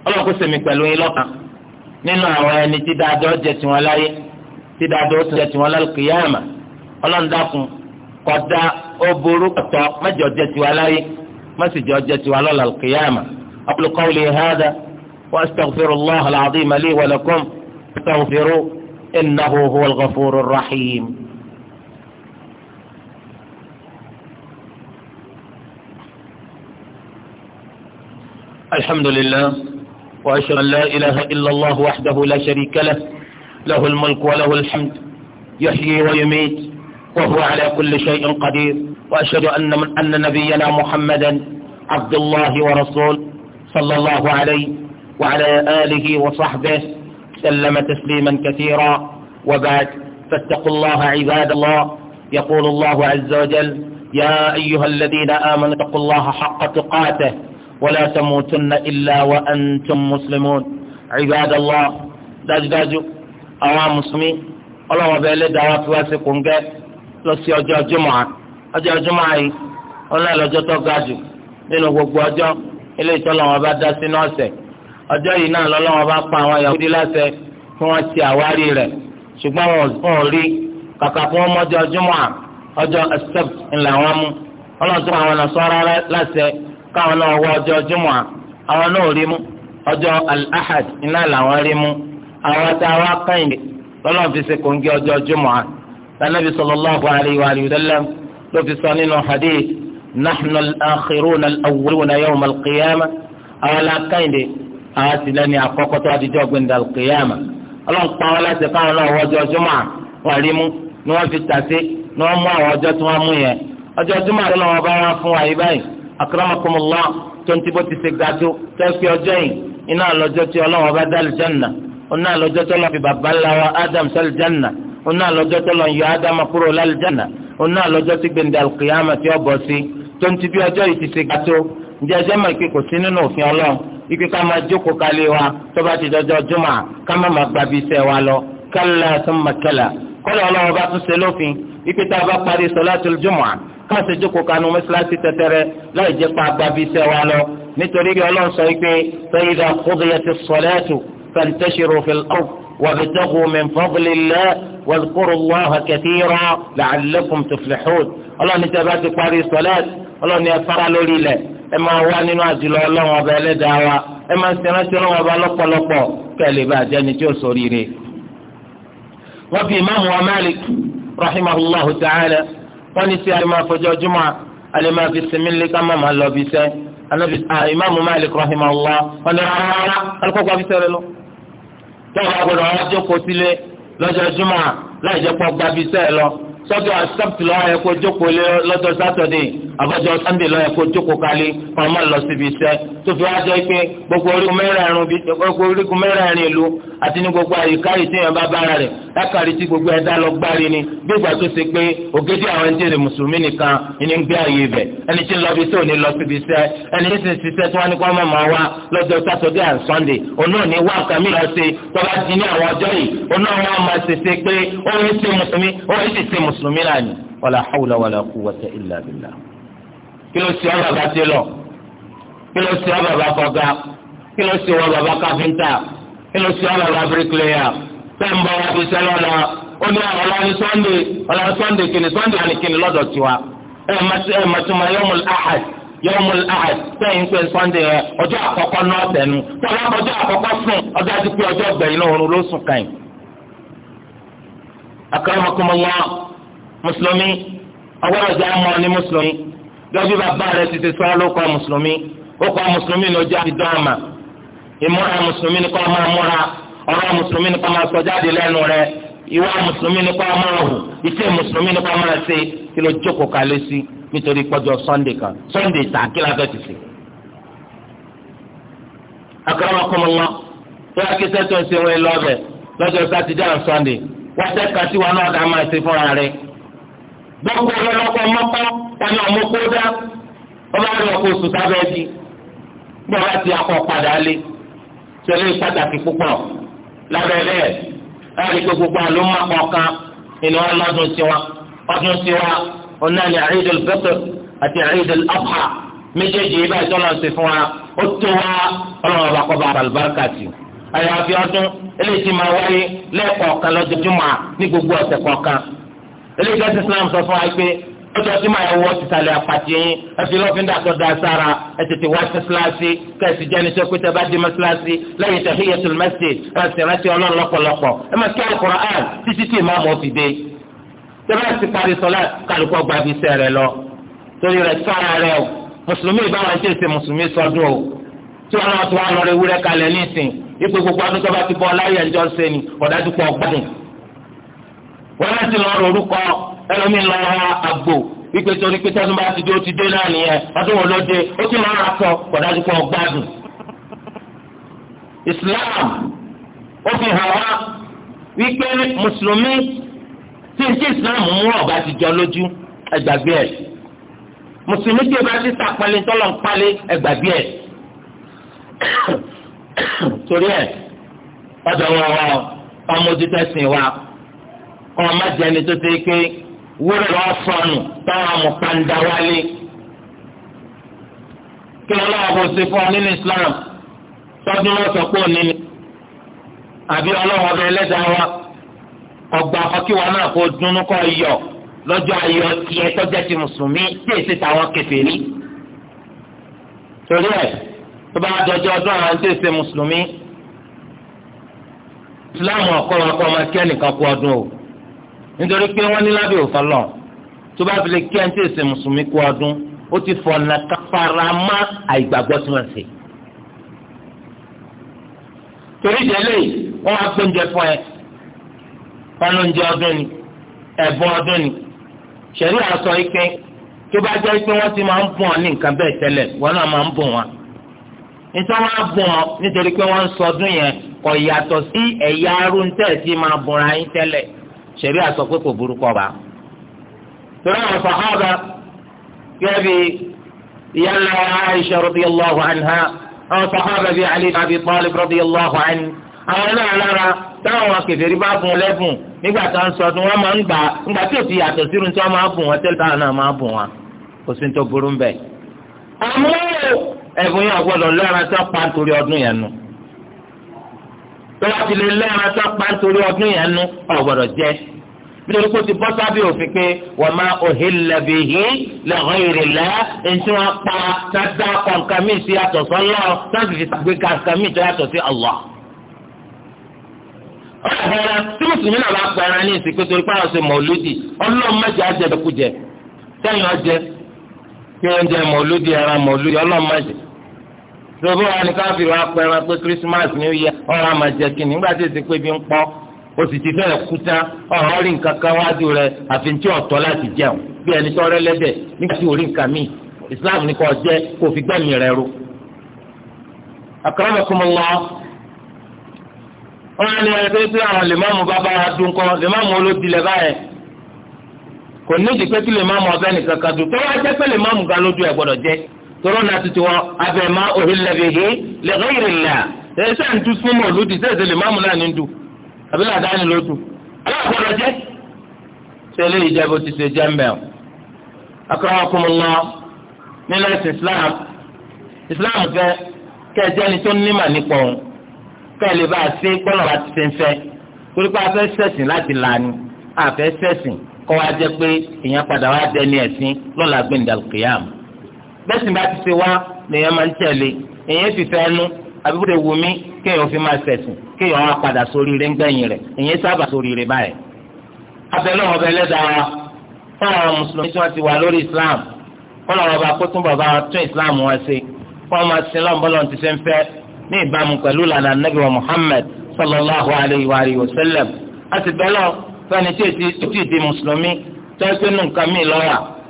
ọlọ́kùn sèmi pẹ̀lú yín lọ́kàn nínú àwọn ẹni tí dáadọ́ jẹ tiwọn láyé tí dáadọ́ jẹ tiwọn lálùkìyàmà ọlọ́ndàkùn kọ́dá ó burú kọ̀tọ́ mẹ́jọ jẹ tiwa láyé mẹ́sìjọ jẹ وأستغفر الله العظيم لي ولكم استغفروا إنه هو الغفور الرحيم الحمد لله وأشهد أن لا إله إلا الله وحده لا شريك له له الملك وله الحمد يحيي ويميت وهو على كل شيء قدير وأشهد أن, أن نبينا محمدا عبد الله ورسول صلى الله عليه وعلى آله وصحبه سلم تسليما كثيرا وبعد فاتقوا الله عباد الله يقول الله عز وجل يا أيها الذين آمنوا اتقوا الله حق تقاته ولا تموتن إلا وأنتم مسلمون عباد الله داج داج أوام مسلمي الله وبيل دعوات واسقون جاء لسي أجا جمعة أجا جمعة الله لجتو قاجو إلا هو قواجو إلا يتلا وبعد داسي ناسي ọjọ́ yìí náà lọ́lọ́wọ́ bá pa àwọn Yahudi láṣẹ kí wọ́n ti àwárí rẹ̀ ṣùgbọ́n wọn ò rí kàkà fún wọn mọ́jọ júmọ́ à ọjọ́ accept ńlá wọn mú ọlọ́tún àwọn Nasara láṣẹ káwọn náà wọ ọjọ́ júmọ́ à àwọn náà rí mú ọjọ́ al-ahad iná làwọn rí mú àwọn tá a wá kẹ́yìn lọ́lọ́wọ́ fi ṣe kòńgé ọjọ́ júmọ́ à lánàbí sallallahu alayhi wa sallam àwọn sì lẹ́ni àkọ́kọ́ tó adijọ́ gbẹ̀ndà kìyàmà ọlọ́run pa wọn láti káwọn náà wọ́jọ́ júmọ̀ wọn rí mú ni wọ́n fi tàṣe ni wọ́n mú àwọn ọjọ́ tí wọ́n mú yẹn ọjọ́ júmọ̀ àti lọ́wọ́ bá wọn fún wa yìí báyìí akramakumullah tó ń tibó ti ṣe gàdó tẹ́ pé ọjọ́ yìí iná lọ́jọ́ tí ọlọ́run bá dá lìjánà oná lọ́jọ́ tó lọ́ fi bàbá ńlá wa sọ lìjánà oná lọ́jọ́ tó lọ́ yọ Adam kúrò lálìjánà oná lọ́jọ́ tí gbẹ̀ndà kìyàmà tí ọ ǹjẹ́ ẹjẹ́ mọ̀ pé kò sí nínú òfin ọlọ́run ipe ká máa jókòó kalẹ̀ wa tó bá ti dọ́jọ́ jùmọ̀ ká má máa gba bí iṣẹ́ wa lọ kálá summa kálá kọ́lọ̀ ọlọ́run bá tún ṣe lófin ipe tá a bá parí salatul jùmọ̀ ká ṣe jókòó kanu mẹ́sàlásì tẹ́tẹ́rẹ́ láì jẹ́ pa gba bí iṣẹ́ wa lọ nítorí pé ọlọ́run sọ pé fa'idha qudiyatis salatu fantashiru fil ard wabtaghu min fadlillah wadhkuru Allaha katira la'allakum tuflihun ẹ máa wá nínú àdìlọ ọlọ́run ọba ẹlẹ́dàá wa ẹ máa ń sẹ́rántí ọlọ́run ọba lọ́pọ̀lọpọ̀ kẹ́lẹ́ bá jẹ́ni tí ó ṣoríire. wọ́n fi ìmáàmù wa Malik rahimahullahu ta'ala wọ́n ní sí àlèmọ́ àfọjọ́júmọ́ àlèmọ́ àfi lọ bí sẹ́ ìmáàmù Malik wọ́n ní rárá lọ. tọ́wọ́ sílé lọ́jọ́ láì jẹ́ pọ́ sẹ́ lọ sọ́jọ́ sábtì lọ́wọ́ yẹ kó jókòó lé lọ́jọ́ sátọ̀dé àbọ̀jọ́ sànńdé lọ́wọ́ yẹ kó jókòó kálí kàn má lọ síbi iṣẹ́ tó fi wá jẹ́ pé gbogbo orígun mẹ́rẹ̀ẹ̀rin ìlú àti ní gbogbo àyíká yìí tí yẹn bá bára rẹ̀ lákàrí tí gbogbo ẹ̀dá lọ gbárí ni bí ìgbà tó ṣe pé ògidì àwọn ẹni tí èrè mùsùlùmí nìkan ni ń gbé àyè ibẹ̀ ẹni tí ń lọ bí tó ní lọ síbi iṣẹ́ ẹni tí ń ṣiṣẹ́ tí wọ́n ní kó má máa wá lọ́jọ́ sátọ̀dé and sunday òun náà ní wá nǹkan mi lọ sí tọ́ba ti ní àwọn ọjọ́ yìí òun náà wọ́n máa ṣèṣe pé ó ń ṣe mùsùlùmí ó ń ṣe mùsùlùmí mùsùlùmí náà ni wàlà hàwùlà wàlà quwwata illa billah. kí ló ṣe ọ́ bàbá télọ̀ kí ló ṣe ọ́ bàbá kọ́gá kí ló ṣe ọ́ bàbá káfíńtà kí ló ṣe ọ́ bàbá bíríkìlẹ́yà tẹ́ ń bọ̀ wá fi sẹ́lọ̀ lọ ó ní ọ̀la ní sunday ọ̀la sunday kìnnì sunday àni kìnnì lọ́dọ̀ tiwa ẹ̀ mọ̀túnmọ̀ yọmul ahad ahad sẹ́yìn pé sunday yẹn ọjọ́ àkọ́kọ́ náà tẹnu tọ́lá ọjọ́ àkọ́kọ́ sùn ọjọ́ àti pé ọjọ́ gbẹ̀yìn náà oorun ló sùn kàn yìí. akramakumullah mùsùlùmí ọgbọ́dọ̀ jẹ́ àmọ́ ní mùsùlùmí lọ́bí bàbá rẹ̀ ti ti sọ lóko mùsùlùmí ókò mùsùlùmí ló jẹ́ àdìdọ́ àmà ìmúra mùsùlùmí ni kò máa múra ọ̀rọ̀ mùsùlùmí ni kò máa sọ jáde lẹ́nu rẹ̀ ìwà mùsùlùmí ni kò máa hù iṣẹ́ mùsùlùmí ni kò máa ṣe kí ló jókòó kalẹ̀ sí nítorí pọ́jọ́ sunday kan sunday ta kí lábẹ́ ti sè. akọ́nàmọ́kọ́mọ́lá tó yà kí sẹ́tọ̀ ṣe wọ́n lọ́bẹ̀ lọ́jọ́ sátidé and sunday wọ́n tẹ́ka tí wọn náà dá máa ṣe fúnra rẹ̀ gbogbo ọlọ́kọ mọ́kọ́ tani ọmọ kó dá ọba rẹ̀ ọkọ̀ oṣù sábẹ́ di bí ọba ti akọ padà lé ṣẹlẹ̀ pàtàkì púpọ̀ lábẹ́ bẹ́ẹ̀ láti pé gbogbo àlùmọ́ kọ̀ọ̀kan ìnáwó ọlọ́dún tiwa ọdún tiwa onáni Eidul Fitr àti Eidul Adha méjèèjì ibà ìtọ́lọ̀ ṣe fún wa ó tó wa ọlọ́run ọba kọ́ bá àbàlùbáríkà tì àyàfi ọdún eléyìí ti máa wáyé lẹ́ẹ̀kọ̀ọ̀kan lọ́dún jùmọ̀ ní gbogbo ọ̀sẹ̀ kọ̀ọ̀kan eléyìí tí Islam sọ fún wa pé ọjọ́ tí màá wọ tìsàlẹ̀ àpàtì yín ẹ fi lọ́fíńdà tó da sára ẹ tètè wá síláàsì kẹsì jẹ́ni tó pété bá di mọ́síláàsì lẹ́yìn tahiyatul masjid ẹ sì rántí ọlọ́run lọ́pọ̀lọpọ̀ ẹ máa kí Al-Qur'an títí tí ìmáàmù fi dé tẹ́lẹ̀ ti parí sọlá kálukọ́ gba fi sẹ́ rẹ lọ torí rẹ sára rẹ o mùsùlùmí ìbáwọn ẹ̀ ń tẹ̀sẹ̀ mùsùlùmí sọdún o tí wọn náà tó wà lọ́rọ̀ ewúrẹ́ kalẹ̀ nísìn ipò gbogbo adúgbò bá ti bọ́ láyé ẹ̀jọ́ sẹ́ni ọ̀dájú pọ̀ gbádùn wọn náà ti lọ rọ orúkọ ẹlòmíì lọ ra àgbò wípé torí pé tẹnu bá ti dé ó ti dé náà nìyẹn ọdún wọn ló dé ó ti lọ ra sọ kọdájú pé ọgbádùn. Islam ó fi hàn wá wípé mùsùlùmí tí ìṣe Islam mú ọ̀gá ti jọ lójú ẹgbàgbé ẹ̀ mùsùlùmí tí ìbá ti sàpẹ́lẹ̀ tọ́lọ̀ ń palẹ̀ ẹgbàgbé ẹ̀ torí ẹ̀ ọ̀dọ̀ wọn wọ́n ọmọ ojú tẹ̀sìn wa kọ́ ọ má jẹ́ni tó ṣe pé wúrẹ́ lọ́ọ́ sọnù táwọn amọ̀pàǹdà wálé kí ọlọ́wọ́ bó ṣe fún ọ nínú Islam tọ́jú lọ́sọ̀ pé òní ni àbí ọlọ́wọ́ bẹ ẹlẹ́dàá wa ọgbà afọkíwa náà kó dunu kọ́ yọ lọ́jọ́ ayọ̀ tiẹ̀ tọ́jà ti mùsùlùmí tí èsì táwọn kèfèrí torí ẹ̀ tó bá dọjọ́ ọdún àwọn tí èsì mùsùlùmí Islam ọkọ̀ ọkọ̀ ọmọ kí ẹnìkan kú ọdún o nítorí pé wọ́n ní lábẹ́ òfin Ọlọ́run tó bá fi lè kí ẹni tí èsì mùsùlùmí kú ọdún ó ti fọ̀nà kápára má àìgbàgbọ́ tí wọ́n ṣe. torí ìdẹ́lẹ̀ yìí wọ́n wá gbóúnjẹ fún ẹ ọ̀nà oúnjẹ ọdún ni ẹ̀bùn ọdún ni ṣẹ̀rí àṣọ ike tó bá jẹ́ pé wọ́n ti máa ń bùn ọ ní nǹkan bẹ́ẹ̀ tẹ́lẹ̀ wọ́n náà máa ń bùn wọn. nítorí wọ́n á bùn ọ nítorí pé wọ́n ń sọdún yẹn kò yàtọ̀ sí ẹ̀yà arúntẹ̀ tí máa bùnra yín tẹ́lẹ̀ ṣẹ̀rí àsọ pé kò burúkọ bá. torí àwọn sàhábà gẹ́gẹ́ bí ìyá ńlá Aisha anha àwọn sàhábà bíi Ali abi Talib radiyallahu anhu àwọn náà lára táwọn kèfèrí bá fún lẹ́bùn nígbà tá à ń sọdún wọn máa ń gbà ńgbà tí òsì yàtọ̀ sírun tí wọ́n máa bùn wọn tẹ́lẹ̀ táwọn náà máa bùn wọn kò sí tó burú ń tó bá ti lè lẹ́ran tó pa nítorí ọdún yẹn nú ọ̀ jẹ́ nítorí kó ti bọ́ sábẹ́ òfin pé wọ́n máa òhìlẹ̀ bìhí lẹ́hìn ìrìlẹ̀ ẹ̀ńtí wọn pa sáta kọ̀ǹkan míì sí yàtọ̀ sọ́lá láti fi gbé kàǹkan míì tó yàtọ̀ sí Allah. ọ̀hẹ́rẹ́ tí mùsùlùmí náà bá pẹ̀rẹ́ ní ìsìnkú torí sọ́bù wa ni káfíìrì wa pẹ́ran pé Christmas New Year ọ̀rọ̀ àmàjẹ̀kì nígbà tí èsì pé bí ń pọ́ o sì ti fẹ́ẹ̀ kú tán ọ̀rọ̀ rí nǹkan kan wájú rẹ àfi tí ọ̀tọ́ láti jẹun bí ẹni tó rẹ́ lẹ́dẹ̀ nígbà tí orí nǹkan míì Islam ni kò jẹ́ kó fi gbẹ̀mí rẹ ro. Akramakumullah wọn ní ẹni pé pé àwọn lèmọ́ọ̀mù bá bá wa dún kan lèmọ́ọ̀mù olódìlẹ̀ báyẹn kò ní ìdí pé kí lèmọ́ọ̀mù ọ̀gá nìkan kan tọ́lọ́nà tuntun wọn abẹ́ ma uhilla bihi li ghayri llah ẹ̀ sẹ́ ń du fún mọ̀lúdì sẹ́ ìṣẹ̀lẹ̀ máàmù náà ní du àbí làdá ni ló du aláàbọ̀dọ̀ jẹ́ sẹ́lẹ̀ ìjẹ́bù ti ṣe jẹ́mbẹ̀ o akramakumullah nínú ẹ̀sìn islam islam fẹ́ kẹ́ ẹ jẹ́ni tó nímà nípa òun kẹ́ ẹ lè bá a ṣe gbọ́dọ̀ bá ti ṣe ń fẹ́ torí pé a fẹ́ sẹ̀sìn láti lànà a fẹ́ sẹ̀sìn kọ́ wa jẹ́ pé èèyàn padà wá dẹni ẹ̀sìn lọ́la gbẹ̀ndàlùkìyàmù bẹ́sìn bá ti ṣe wá lèèyàn máa ń tẹ̀lé èèyàn fi fẹ́ nu àbí bó ṣe wù mí kéèyàn fi máa ṣẹ̀sìn kéèyàn wá padà sórí rẹ̀ ńgbẹ̀yìn rẹ̀ èèyàn sábà sórí rẹ̀ báyìí. abẹ́lé wọn bẹ lẹ́dàá fún àwọn mùsùlùmí tí wọ́n ti wà lórí islam fún àwọn ọba kó túnbọ̀ bá tún islam wọn ṣe fún ọmọ sílọ̀n bọ́lọ̀ ti ṣe ń fẹ́ ní ìbámu pẹ̀lú lànà nabi wa muhammad sallallahu alayhi wa alihi wa sallam àti bẹ́lọ̀ fẹ́ni tí èsì tó ti di mùsùlùmí tó ẹgbẹ́ nù nǹkan míì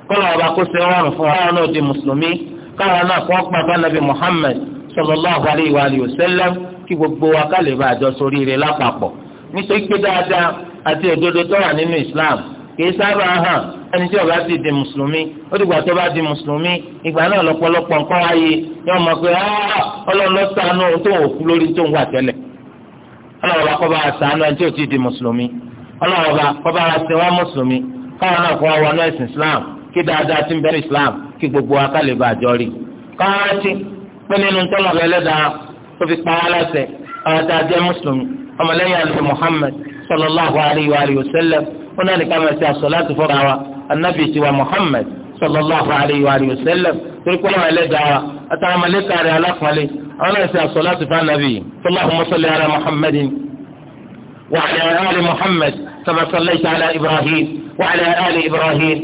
kọ́lá ọba kó ṣe rọrùn fún wa náà di mùsùlùmí káwa náà kọ́ pàtó nàbì Muhammad sallallahu alayhi wa alihi wa sallam kí gbogbo wa ká lè bá àjọ sórí rẹ̀ lápapọ̀ nítorí pé dáadáa àti òdodo tó wà nínú Islam kì í sábà hàn ẹni tí ó bá ti di mùsùlùmí ó dìgbà tó bá di mùsùlùmí ìgbà náà lọ́pọ̀lọpọ̀ nǹkan ayé ni wọ́n mọ̀ pé ọlọ́run lọ́sàánú tó ń òkú lórí tó ń wà tẹ́lẹ̀ ọlọ́run bá bá sàánú ẹni tí ò ti di mùsùlùmí ọlọ́run bá bá ṣe mùsùlùmí káwọn náà kọ́ wọnú ẹ̀sìn Islam kí dáadáa ti ń bẹ̀rẹ̀ islam kí gbogbo akálẹ̀ bá jọ rí káàtì pé nínú tọ́lọ̀ ẹlẹ́dàá tó fi pa á láṣẹ àwọn tá a jẹ́ mùsùlùmí ọmọlẹ́yìn àti muhammed sallallahu alayhi wa alihi wa sallam ó náà ní ká máa ṣe àsọ̀láàtì fọ́ra wa anabi tiwa muhammed sallallahu alayhi wa alihi wa sallam torí pé ọmọ ẹlẹ́dàá wa àtàwọn mọ̀lẹ́kà rẹ̀ aláfọ̀lẹ́ àwọn náà ṣe fún anabi sallallahu salli wa ala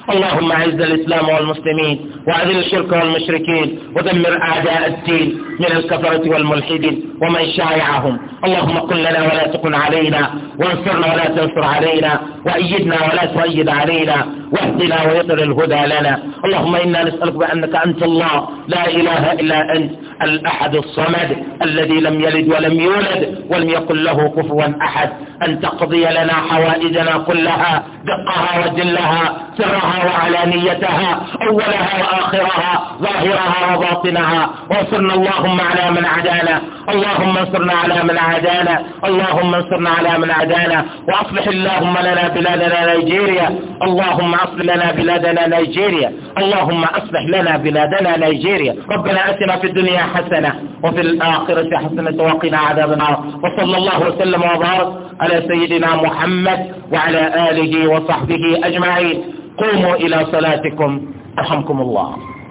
اللهم أعز الإسلام والمسلمين وأذل الشرك والمشركين ودمر أعداء الدين من الكفرة والملحدين ومن شايعهم اللهم قل لنا ولا تقل علينا وانصرنا ولا تنصر علينا وأيدنا ولا تؤيد علينا واهدنا ويسر الهدى لنا اللهم إنا نسألك بأنك أنت الله لا إله إلا أنت الأحد الصمد الذي لم يلد ولم يولد ولم يقل له كفوا أحد أن تقضي لنا حوائجنا كلها دقها وجلها سرها وعلانيتها أولها وآخرها ظاهرها وباطنها وانصرنا اللهم على من عدانا اللهم انصرنا على من عدانا اللهم انصرنا على من عدانا وأصلح اللهم لنا بلادنا نيجيريا اللهم أصلح لنا بلادنا نيجيريا اللهم أصلح لنا بلادنا نيجيريا ربنا أتنا في الدنيا حسنة وفي الآخرة حسنة وقنا عذاب النار وصلى الله وسلم وبارك على سيدنا محمد وعلى آله وصحبه أجمعين قوموا إلى صلاتكم رحمكم الله